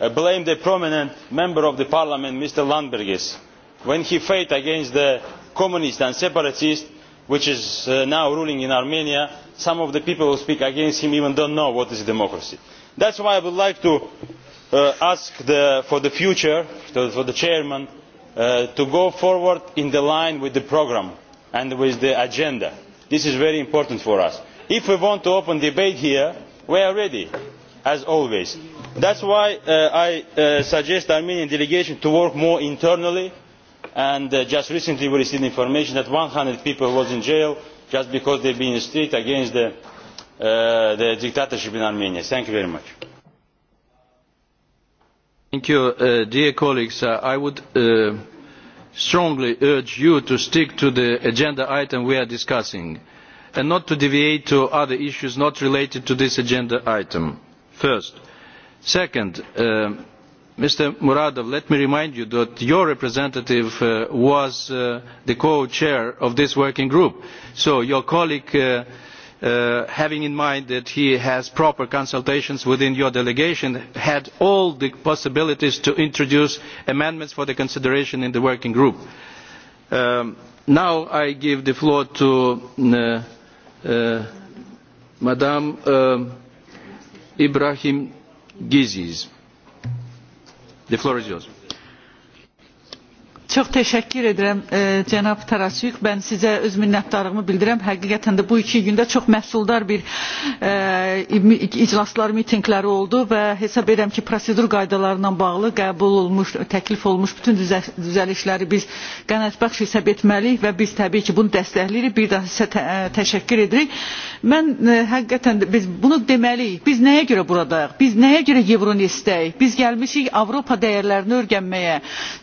uh, blame the prominent member of the parliament, Mr. Landbergis, when he fought against the communist and separatist, which is uh, now ruling in Armenia. Some of the people who speak against him even don't know what is democracy. That's why I would like to uh, ask the, for the future, to, for the chairman, uh, to go forward in the line with the program and with the agenda. This is very important for us. If we want to open debate here, we are ready as always. That's why uh, I uh, suggest the Armenian delegation to work more internally. And uh, just recently we received information that 100 people was in jail just because they've been in the street against the, uh, the dictatorship in Armenia. Thank you very much. Thank you, uh, dear colleagues. Uh, I would uh, strongly urge you to stick to the agenda item we are discussing and not to deviate to other issues not related to this agenda item. First. Second, uh, Mr. Muradov, let me remind you that your representative uh, was uh, the co-chair of this working group. So your colleague, uh, uh, having in mind that he has proper consultations within your delegation, had all the possibilities to introduce amendments for the consideration in the working group. Um, now I give the floor to uh, Madam eh, Madame euh, Ibrahim Giziz. The floor is yours. Çok teşekkür ederim e, Cenab Tarasyuk. Ben size öz minnettarlığımı bildirəm. Həqiqətən də bu iki gündə çox məhsuldar bir e, iclaslar, mitinqləri oldu və hesab edirəm ki, prosedur qaydalarla bağlı qəbul olmuş, təklif olmuş bütün düzə, düzəlişləri biz qənaətbəxş hesab etməliyik və biz təbii ki, bunu dəstəkləyirik. Bir daha sizə tə, e, təşəkkür edirik. Mən e, həqiqətən də biz bunu deməliyik. Biz nəyə görə buradayıq? Biz nəyə görə Euronestəyik? Biz gəlmişik Avropa dəyərlərini öyrənməyə.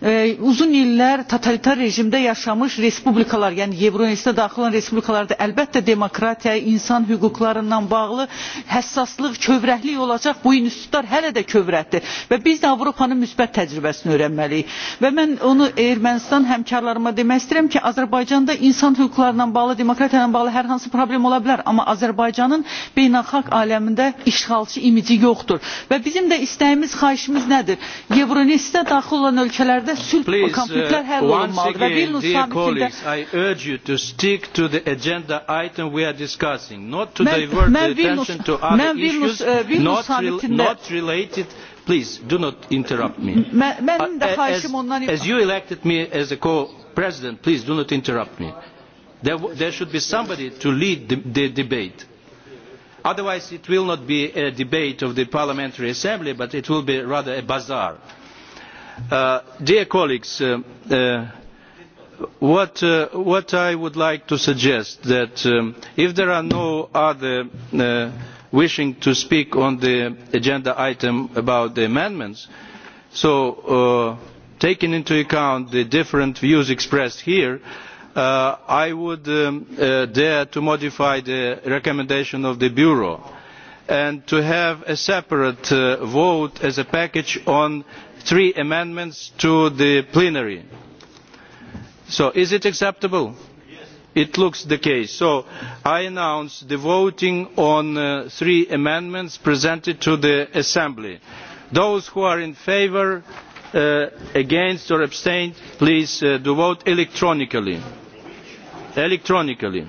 E, uzun illər Ermeniler totalitar rejimde yaşamış respublikalar yani Yevroinstitut'a daxil olan respublikalarda elbette demokratiya, insan hüquqlarından bağlı həssaslıq, kövrəklik olacaq. Bu institutlar hələ də kövrətdir və biz də Avropanın müsbət təcrübəsini öyrənməliyik. Və mən onu Ermənistan həmkarlarıma demək istəyirəm ki, Azərbaycanda insan hüquqlarından bağlı, demokratiyadan bağlı hər hansı problem ola bilər, amma Azərbaycanın beynəlxalq aləmində işğalçı imici yoxdur. Və bizim də istəyimiz, xahişimiz nədir? Yevroinstitut'a daxil olan ölkələrdə sülh Please, uh, Uh, dear colleagues, I urge you to stick to the agenda item we are discussing, not to divert the attention to other issues uh, not, re not related Please do not interrupt me. Uh, as, as you elected me as a co-president, please do not interrupt me. There, there should be somebody to lead the, the debate. Otherwise, it will not be a debate of the Parliamentary Assembly, but it will be rather a bazaar. Uh, dear colleagues, uh, uh, what, uh, what I would like to suggest that um, if there are no other uh, wishing to speak on the agenda item about the amendments, so uh, taking into account the different views expressed here, uh, I would um, uh, dare to modify the recommendation of the Bureau and to have a separate uh, vote as a package on three amendments to the plenary. So is it acceptable? Yes. It looks the case. So I announce the voting on uh, three amendments presented to the Assembly. Those who are in favour, uh, against or abstained, please uh, do vote electronically. Electronically.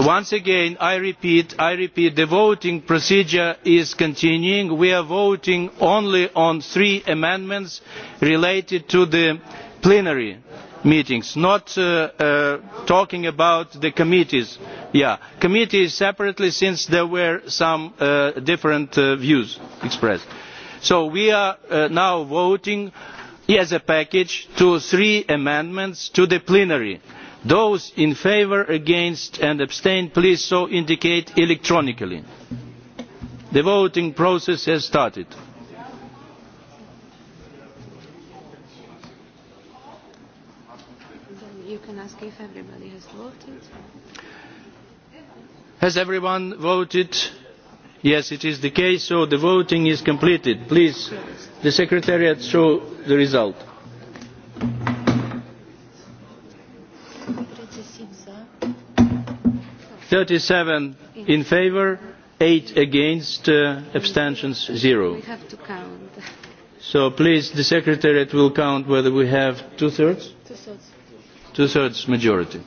Once again, I repeat, I repeat, the voting procedure is continuing. We are voting only on three amendments related to the plenary meetings, not uh, uh, talking about the committees. Yeah, committees separately since there were some uh, different uh, views expressed. So we are uh, now voting He has a package to three amendments to the plenary. Those in favour, against and abstain, please so indicate electronically. The voting process has started. You can ask if everybody has voted. Has everyone voted? Yes, it is the case, so the voting is completed. Please, the Secretariat show the result. Thirty seven in favor, eight against, uh, abstentions zero. We have to count. So please, the Secretariat will count whether we have two-thirds? Two-thirds. Two-thirds majority.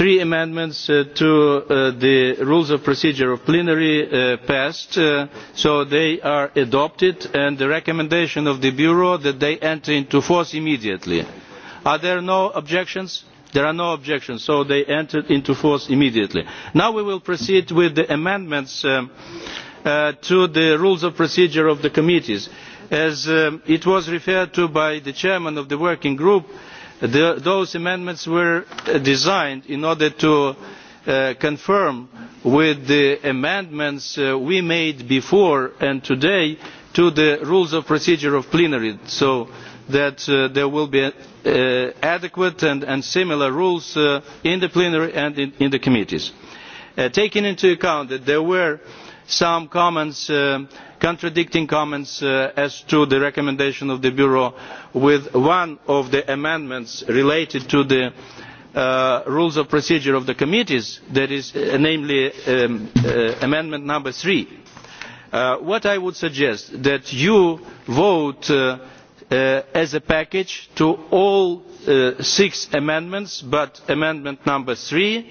three amendments uh, to uh, the rules of procedure of plenary uh, passed, uh, so they are adopted, and the recommendation of the Bureau that they enter into force immediately. Are there no objections? There are no objections, so they entered into force immediately. Now we will proceed with the amendments um, uh, to the rules of procedure of the committees. As um, it was referred to by the chairman of the working group, uh, The, those amendments were uh, designed in order to uh, confirm with the amendments uh, we made before and today to the rules of procedure of plenary so that uh, there will be uh, adequate and, and similar rules uh, in the plenary and in, in the committees. Uh, taking into account that there were uh, some comments, uh, contradicting comments uh, as to the recommendation of the Bureau with one of the amendments related to the uh, rules of procedure of the committees, that is, uh, namely um, uh, amendment number three. Uh, what I would suggest is that you vote uh, uh, as a package to all uh, six amendments, but amendment number three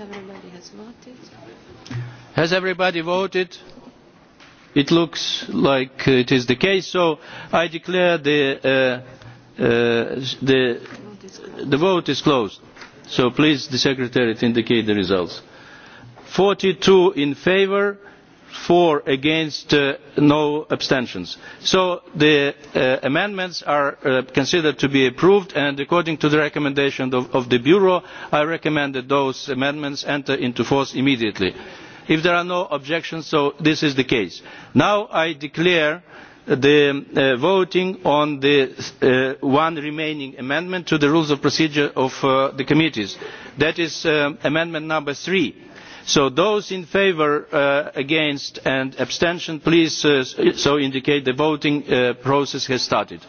everybody has voted. Has everybody voted? It looks like it is the case, so I declare the, uh, uh, the, the vote is closed. So please, the Secretary, indicate the results. 42 in favor, four against uh, no abstentions so the uh, amendments are uh, considered to be approved and according to the recommendation of, of the bureau i recommend that those amendments enter into force immediately if there are no objections so this is the case now i declare the uh, voting on the uh, one remaining amendment to the rules of procedure of uh, the committees that is um, amendment number three So those in favour, uh, against and abstention, please uh, so indicate the voting uh, process has started.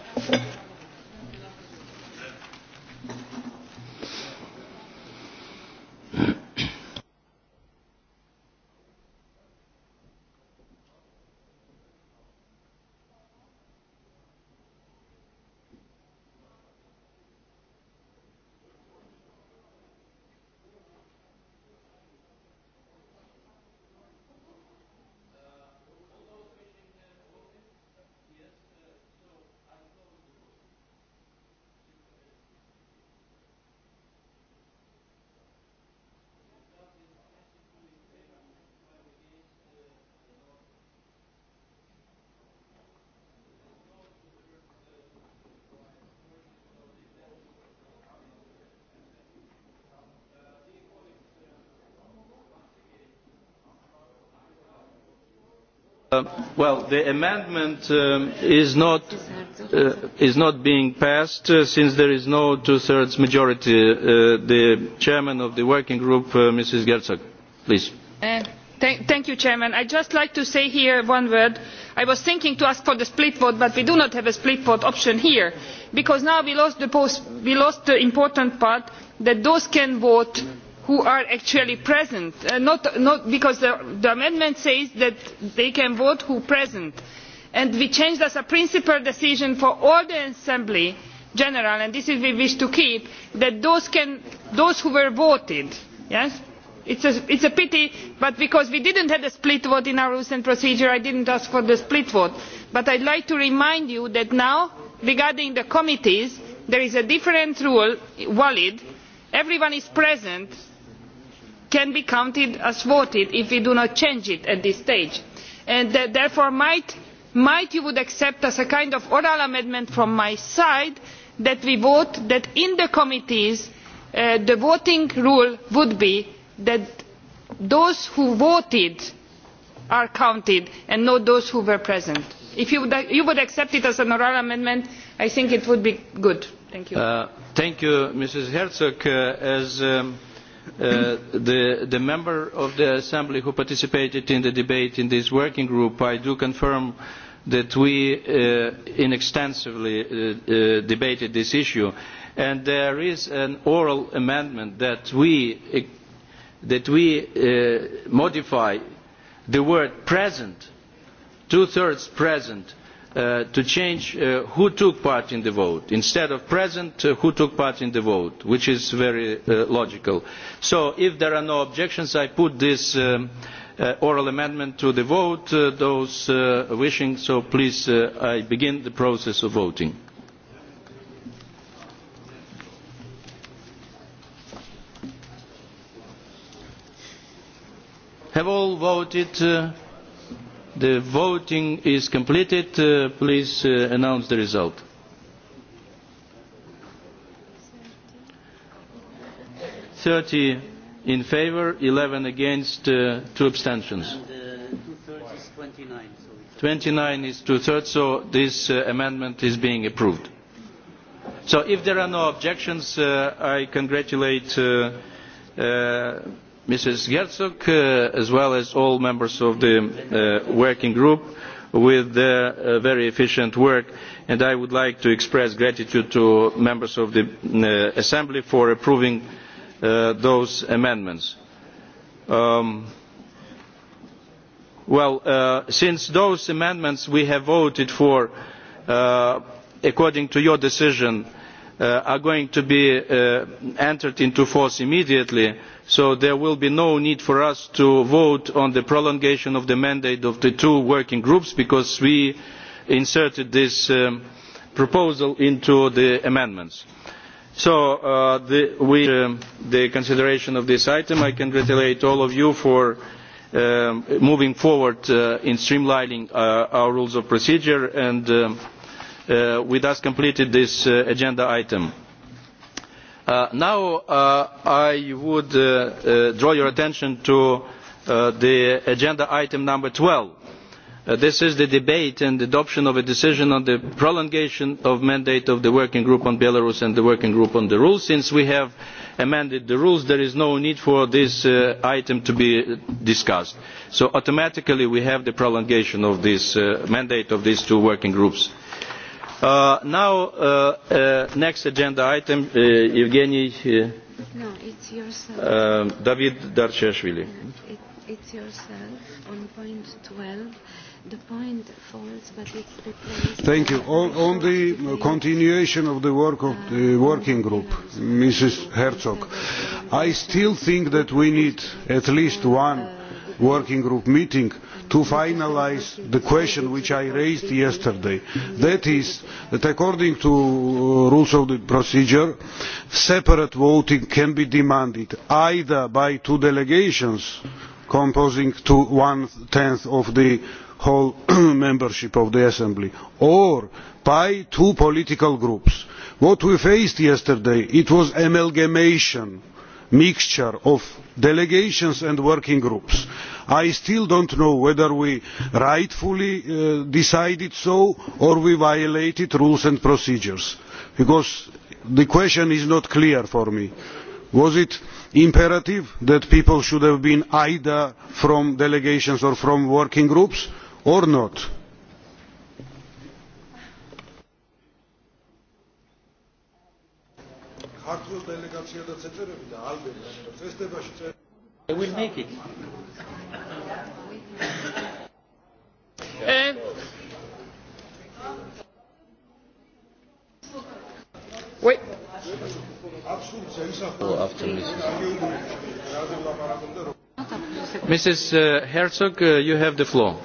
Uh, well, the amendment um, is, not, uh, is not being passed uh, since there is no two-thirds majority. Uh, the chairman of the working group, uh, Mrs. Gerzog, please. Uh, th thank you, chairman. I'd just like to say here one word. I was thinking to ask for the split vote, but we do not have a split vote option here because now we lost the, post, we lost the important part that those can vote who are actually present, uh, not, not because the, the amendment says that they can vote who present. And we changed as a principal decision for all the assembly general, and this is we wish to keep, that those, can, those who were voted, yes? It's a, it's a pity, but because we didn't have a split vote in our rules and procedure, I didn't ask for the split vote. But I'd like to remind you that now, regarding the committees, there is a different rule, valid, everyone is present, can be counted as voted if we do not change it at this stage. And uh, therefore might, might you would accept as a kind of oral amendment from my side that we vote that in the committees uh, the voting rule would be that those who voted are counted and not those who were present. If you would, you would accept it as an oral amendment, I think it would be good. Thank you. Uh, thank you, Mrs. Herzog. Uh, as um, Uh, the, the member of the assembly who participated in the debate in this working group, I do confirm that we uh, inextensively uh, uh, debated this issue. And there is an oral amendment that we, uh, that we uh, modify the word present, two-thirds present, Uh, to change uh, who took part in the vote instead of present uh, who took part in the vote which is very uh, logical so if there are no objections i put this um, uh, oral amendment to the vote uh, those wishing so please i begin the process of voting have all voted The voting is completed. Uh, please uh, announce the result. Thirty in favor, eleven against, uh, two abstentions. And, uh, is 29, so is two-thirds, so this uh, amendment is being approved. So if there are no objections, uh, I congratulate uh, uh, Mrs. Gerzog, uh, as well as all members of the uh, working group, with their uh, very efficient work. And I would like to express gratitude to members of the uh, Assembly for approving uh, those amendments. Um, well, uh, since those amendments we have voted for, uh, according to your decision, uh, are going to be uh, entered into force immediately, so there will be no need for us to vote on the prolongation of the mandate of the two working groups because we inserted this um, proposal into the amendments. So, uh, the, with um, the consideration of this item, I congratulate all of you for um, moving forward uh, in streamlining uh, our rules of procedure and um, Uh, we thus completed this uh, agenda item. Uh, now uh, I would uh, uh, draw your attention to uh, the agenda item number 12. Uh, this is the debate and adoption of a decision on the prolongation of mandate of the working group on Belarus and the working group on the rules. Since we have amended the rules, there is no need for this uh, item to be discussed. So automatically we have the prolongation of this uh, mandate of these two working groups. Uh, now, uh, uh, next agenda item, uh, Evgeny uh, no, it's yourself. Uh, David Darcheshvili. It, it's yourself on point 12. The point falls, but it's replaced. Thank you. On, on the continuation of the work of the ah, working group, Mrs. Herzog, I still think that we need at least one working group meeting to finalize the question which I raised yesterday. That is, that according to uh, rules of the procedure, separate voting can be demanded either by two delegations composing to one-tenth of the whole membership of the assembly or by two political groups. What we faced yesterday, it was amalgamation, mixture of delegations and working groups. I still don't know whether we rightfully uh, decided so or we violated rules and procedures. Because the question is not clear for me. Was it imperative that people should have been either from delegations or from working groups or not? da I will make it. And eh. Wait. Oh, after Mrs. Mrs. Herzog, uh, you have the floor.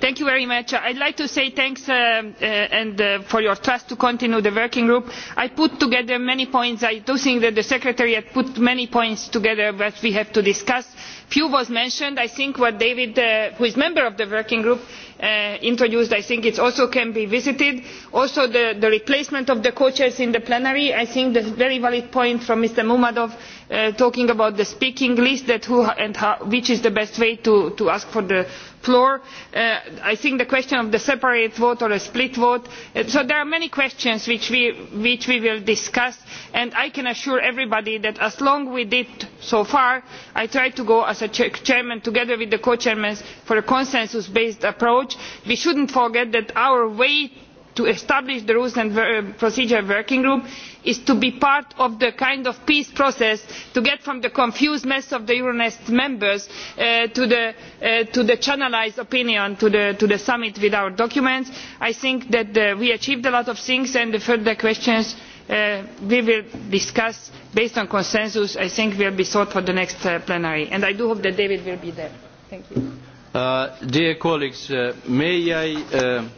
Thank you very much. I'd like to say thanks uh, uh, and uh, for your trust to continue the working group. I put together many points. I do think that the Secretariat put many points together that we have to discuss. Few was mentioned. I think what David, uh, who is member of the working group, uh, introduced, I think it also can be visited. Also the, the replacement of the co-chairs in the plenary, I think the very valid point from Mr. Mumadov uh, talking about the speaking list that who and how, which is the best way to, to ask for the floor. Uh, I think the question of the separate vote or a split vote. Uh, so there are many questions which we, which we will discuss and I can assure everybody that as long as we did so far, I tried to go as a chairman together with the co-chairmen for a consensus-based approach. We shouldn't forget that our way to establish the rules and uh, procedure working group is to be part of the kind of peace process to get from the confused mess of the euronest members uh, to the, uh, to the channelized opinion to the, to the summit with our documents. i think that uh, we achieved a lot of things and the further questions uh, we will discuss based on consensus i think will be sought for the next uh, plenary and i do hope that david will be there. thank you. Uh, dear colleagues, uh, may I uh,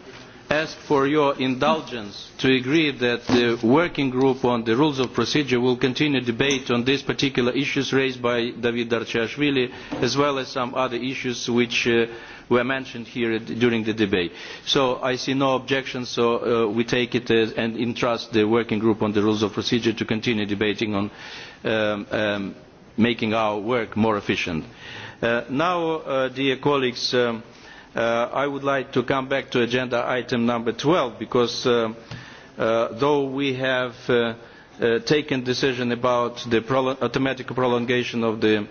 ask for your indulgence to agree that the working group on the rules of procedure will continue debate on these particular issues raised by David Darchashvili as well as some other issues which uh, were mentioned here during the debate. So I see no objection, so uh, we take it as, and entrust the working group on the rules of procedure to continue debating on um, um, making our work more efficient. Uh, now, uh, dear colleagues, um, uh, I would like to come back to agenda item number 12 because uh, uh, though we have uh, uh, taken decision about the pro automatic prolongation of the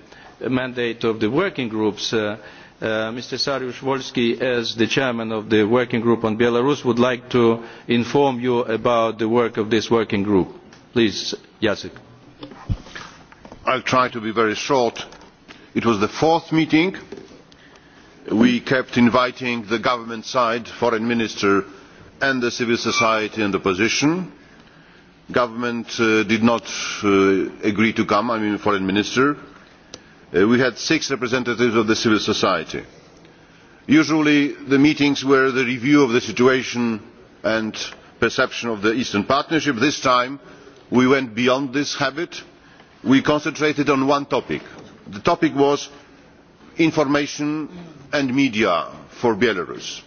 mandate of the working groups, uh, Uh, Mr. Sariusz Wolski, as the chairman of the working group on Belarus, would like to inform you about the work of this working group. Please, Jacek. I'll try to be very short. It was the fourth meeting we kept inviting the government side, foreign minister and the civil society and the opposition. Government uh, did not uh, agree to come, I mean the foreign minister. Uh, we had six representatives of the civil society. Usually the meetings were the review of the situation and perception of the Eastern Partnership. This time we went beyond this habit. We concentrated on one topic. The topic was information and media for Belarus.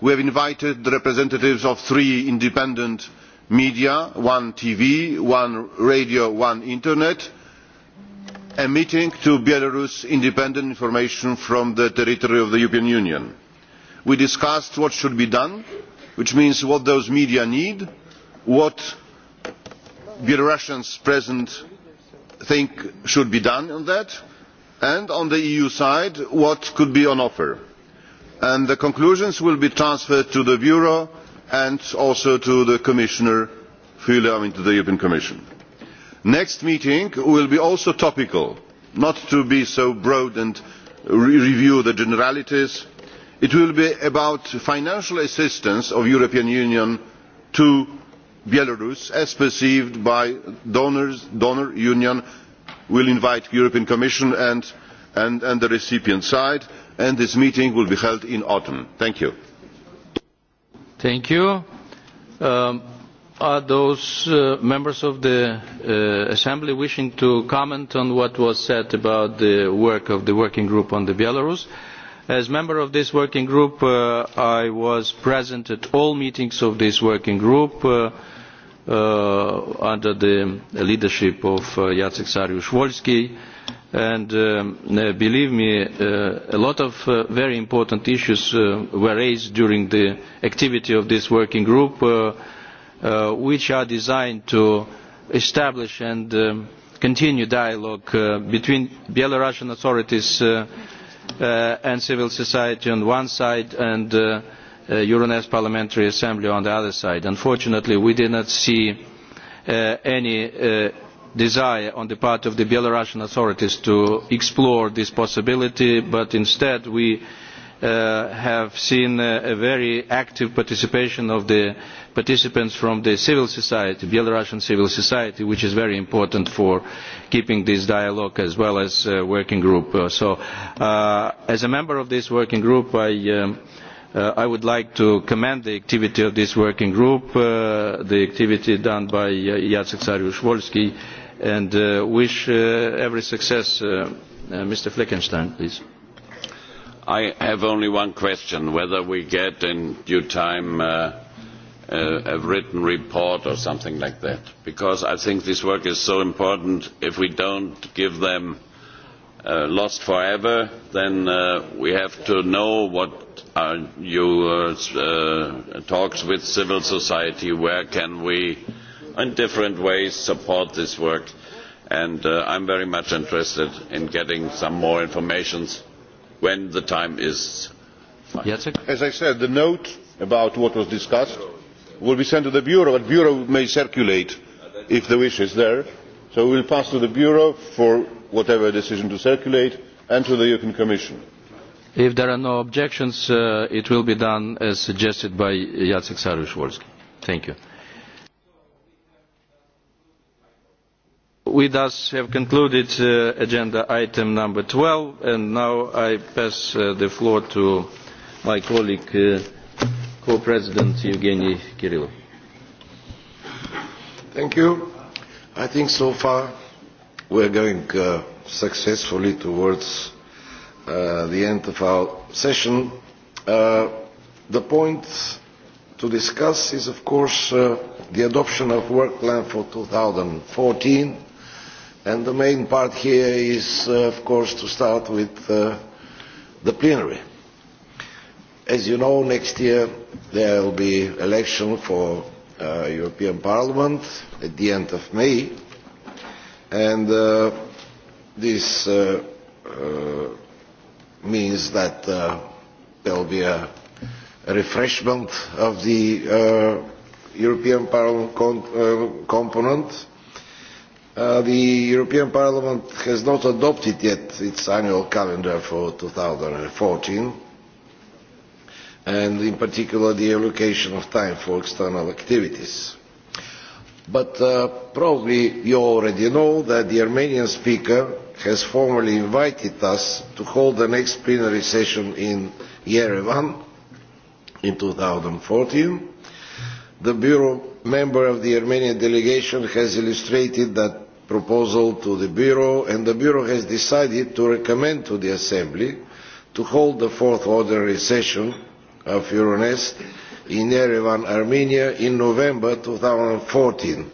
We have invited the representatives of three independent media, one TV, one radio, one internet, a meeting to Belarus independent information from the territory of the European Union. We discussed what should be done, which means what those media need, what Belarusians present think should be done on that and on the eu side what could be on offer and the conclusions will be transferred to the bureau and also to the commissioner fle I mean to the european commission. the next meeting will be also topical not to be so broad and re review the generalities it will be about financial assistance of the european union to belarus as perceived by donors, donor union will invite the European Commission and, the recipient side, and this meeting will be held in autumn. Thank you. Thank you. Um, are those uh, members of the uh, Assembly wishing to comment on what was said about the work of the working group on the Belarus? As a member of this working group, uh, I was present at all meetings of this working group. Uh, uh, under the leadership of uh, Jacek Sariusz-Wolski. And um, uh, believe me, uh, a lot of uh, very important issues uh, were raised during the activity of this working group, uh, uh, which are designed to establish and um, continue dialogue uh, between Belarusian authorities uh, uh, and civil society on one side and uh, Uh, Euronest Parliamentary Assembly on the other side. Unfortunately, we did not see uh, any uh, desire on the part of the Belarusian authorities to explore this possibility, but instead we uh, have seen uh, a very active participation of the participants from the civil society, Belarusian civil society, which is very important for keeping this dialogue as well as uh, working group. Uh, so, uh, as a member of this working group, I um, Uh, I would like to commend the activity of this working group, uh, the activity done by uh, Jacek Sariusz-Wolski, and uh, wish uh, every success. Uh, uh, Mr. Fleckenstein, please. I have only one question, whether we get in due time uh, a, uh, a written report or something like that, because I think this work is so important. If we don't give them uh, lost forever, then uh, we have to know what are your uh, uh, talks with civil society, where can we in different ways support this work. And uh, I'm very much interested in getting some more information when the time is. Fine. As I said, the note about what was discussed will be sent to the Bureau, but the Bureau may circulate if the wish is there. So we will pass to the Bureau for whatever decision to circulate and to the European Commission. If there are no objections, uh, it will be done as suggested by Jacek Saryusz-Wolski. Thank you. We thus have concluded uh, agenda item number 12, and now I pass uh, the floor to my colleague, uh, co-president Evgeny Kirillov. Thank you. I think so far we are going uh, successfully towards uh, the end of our session. Uh, the point to discuss is, of course, uh, the adoption of work plan for 2014. And the main part here is, uh, of course, to start with uh, the plenary. As you know, next year there will be election for uh, European Parliament at the end of May And uh, this uh, uh, means that uh, there will be a refreshment of the uh, European Parliament con uh, component. Uh, the European Parliament has not adopted yet its annual calendar for 2014 and in particular the allocation of time for external activities. But uh, probably you already know that the Armenian speaker has formally invited us to hold the next plenary session in Yerevan in 2014. The Bureau member of the Armenian delegation has illustrated that proposal to the Bureau and the Bureau has decided to recommend to the Assembly to hold the fourth ordinary session of Euronest in Yerevan, Armenia in November 2014.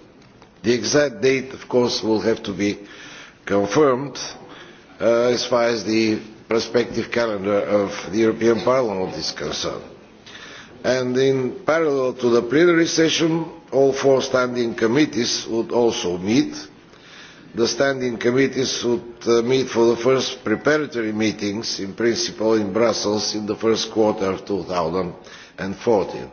The exact date, of course, will have to be confirmed uh, as far as the prospective calendar of the European Parliament is concerned. And in parallel to the plenary session, all four standing committees would also meet. The standing committees would uh, meet for the first preparatory meetings in principle in Brussels in the first quarter of 2015 and 14.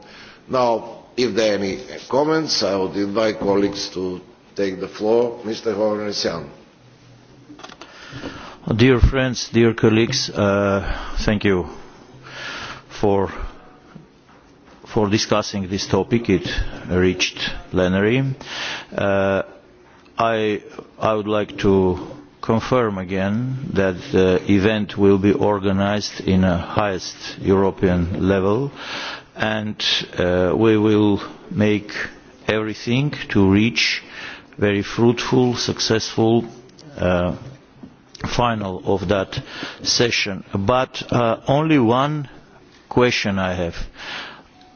Now, if there are any comments, I would invite colleagues to take the floor. Mr. Horner-Sian. Dear friends, dear colleagues, uh, thank you for for discussing this topic. It reached plenary. Uh, I I would like to confirm again that the event will be organized in a highest European level and uh, we will make everything to reach very fruitful, successful uh, final of that session. But uh, only one question I have.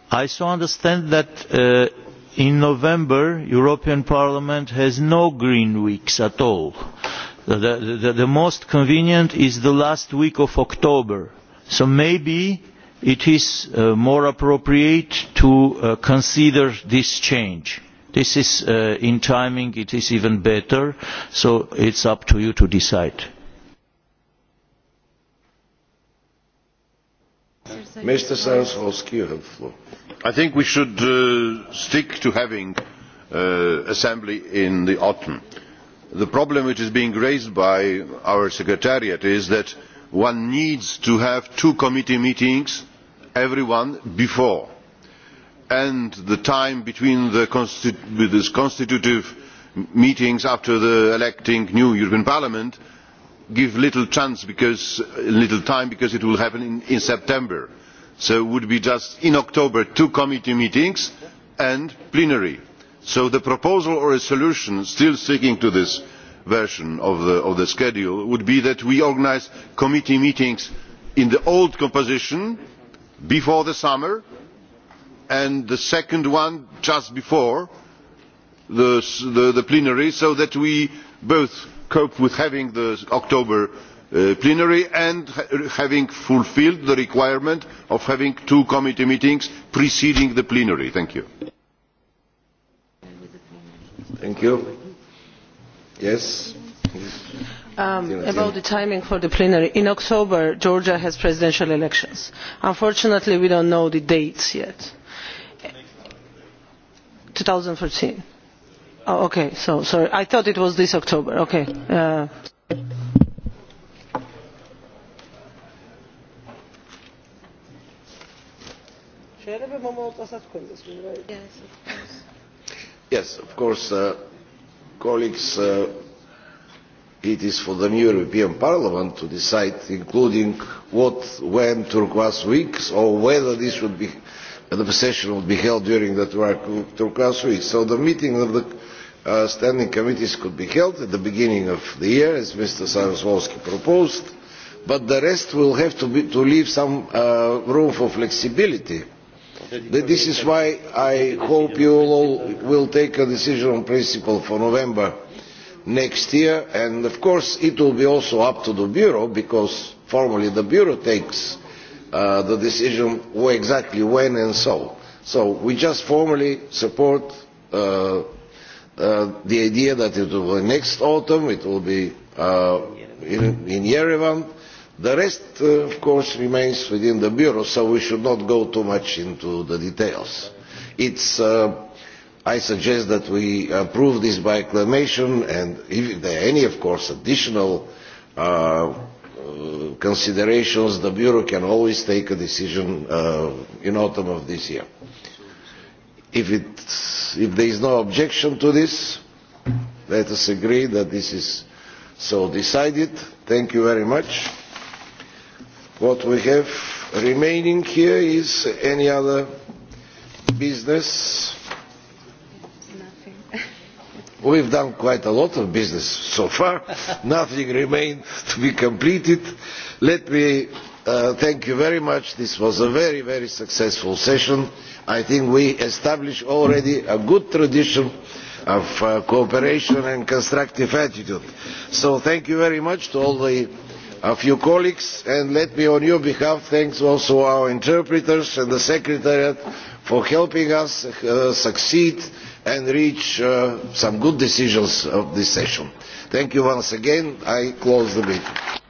I so understand that uh, in November European Parliament has no green weeks at all the, the, the most convenient is the last week of October. So maybe it is uh, more appropriate to uh, consider this change. This is uh, in timing, it is even better, so it's up to you to decide. Mr. Sansovsky, you have the floor. I think we should uh, stick to having uh, assembly in the autumn the problem which is being raised by our secretariat is that one needs to have two committee meetings every one before and the time between the constitu constitutive meetings after the electing new European Parliament give little chance because little time because it will happen in, in September. So it would be just in October two committee meetings and plenary so the proposal or a solution still sticking to this version of the, of the schedule would be that we organise committee meetings in the old composition before the summer and the second one just before the, the, the plenary so that we both cope with having the October uh, plenary and ha having fulfilled the requirement of having two committee meetings preceding the plenary. Thank you. Thank you. Yes. Um, about the timing for the plenary. In October, Georgia has presidential elections. Unfortunately, we don't know the dates yet. 2014. Oh, okay, so sorry. I thought it was this October. Okay. Uh, Yes, of course. Yes, of course, uh, colleagues, uh, it is for the new European Parliament to decide, including what, when, turquoise weeks, or whether this would be, the session would be held during the turquoise week. So the meeting of the uh, standing committees could be held at the beginning of the year, as Mr. Saraswalski proposed, but the rest will have to, be, to leave some uh, room for flexibility This is why I hope you all will take a decision on principle for November next year. And of course, it will be also up to the Bureau, because formally the Bureau takes uh, the decision where exactly when and so. So we just formally support uh, uh, the idea that it will be next autumn, it will be uh, in, in Yerevan The rest, uh, of course, remains within the Bureau, so we should not go too much into the details. It's, uh, I suggest that we approve this by acclamation, and if there are any, of course, additional uh, uh considerations, the Bureau can always take a decision uh, in autumn of this year. If, it's, if there is no objection to this, let us agree that this is so decided. Thank you very much. What we have remaining here is any other business. We've done quite a lot of business so far. Nothing remains to be completed. Let me uh, thank you very much. This was a very, very successful session. I think we established already a good tradition of uh, cooperation and constructive attitude. So thank you very much to all the a few colleagues and let me on your behalf thank also our interpreters and the secretariat for helping us uh, succeed and reach uh, some good decisions of this session. Thank you once again. I close the meeting.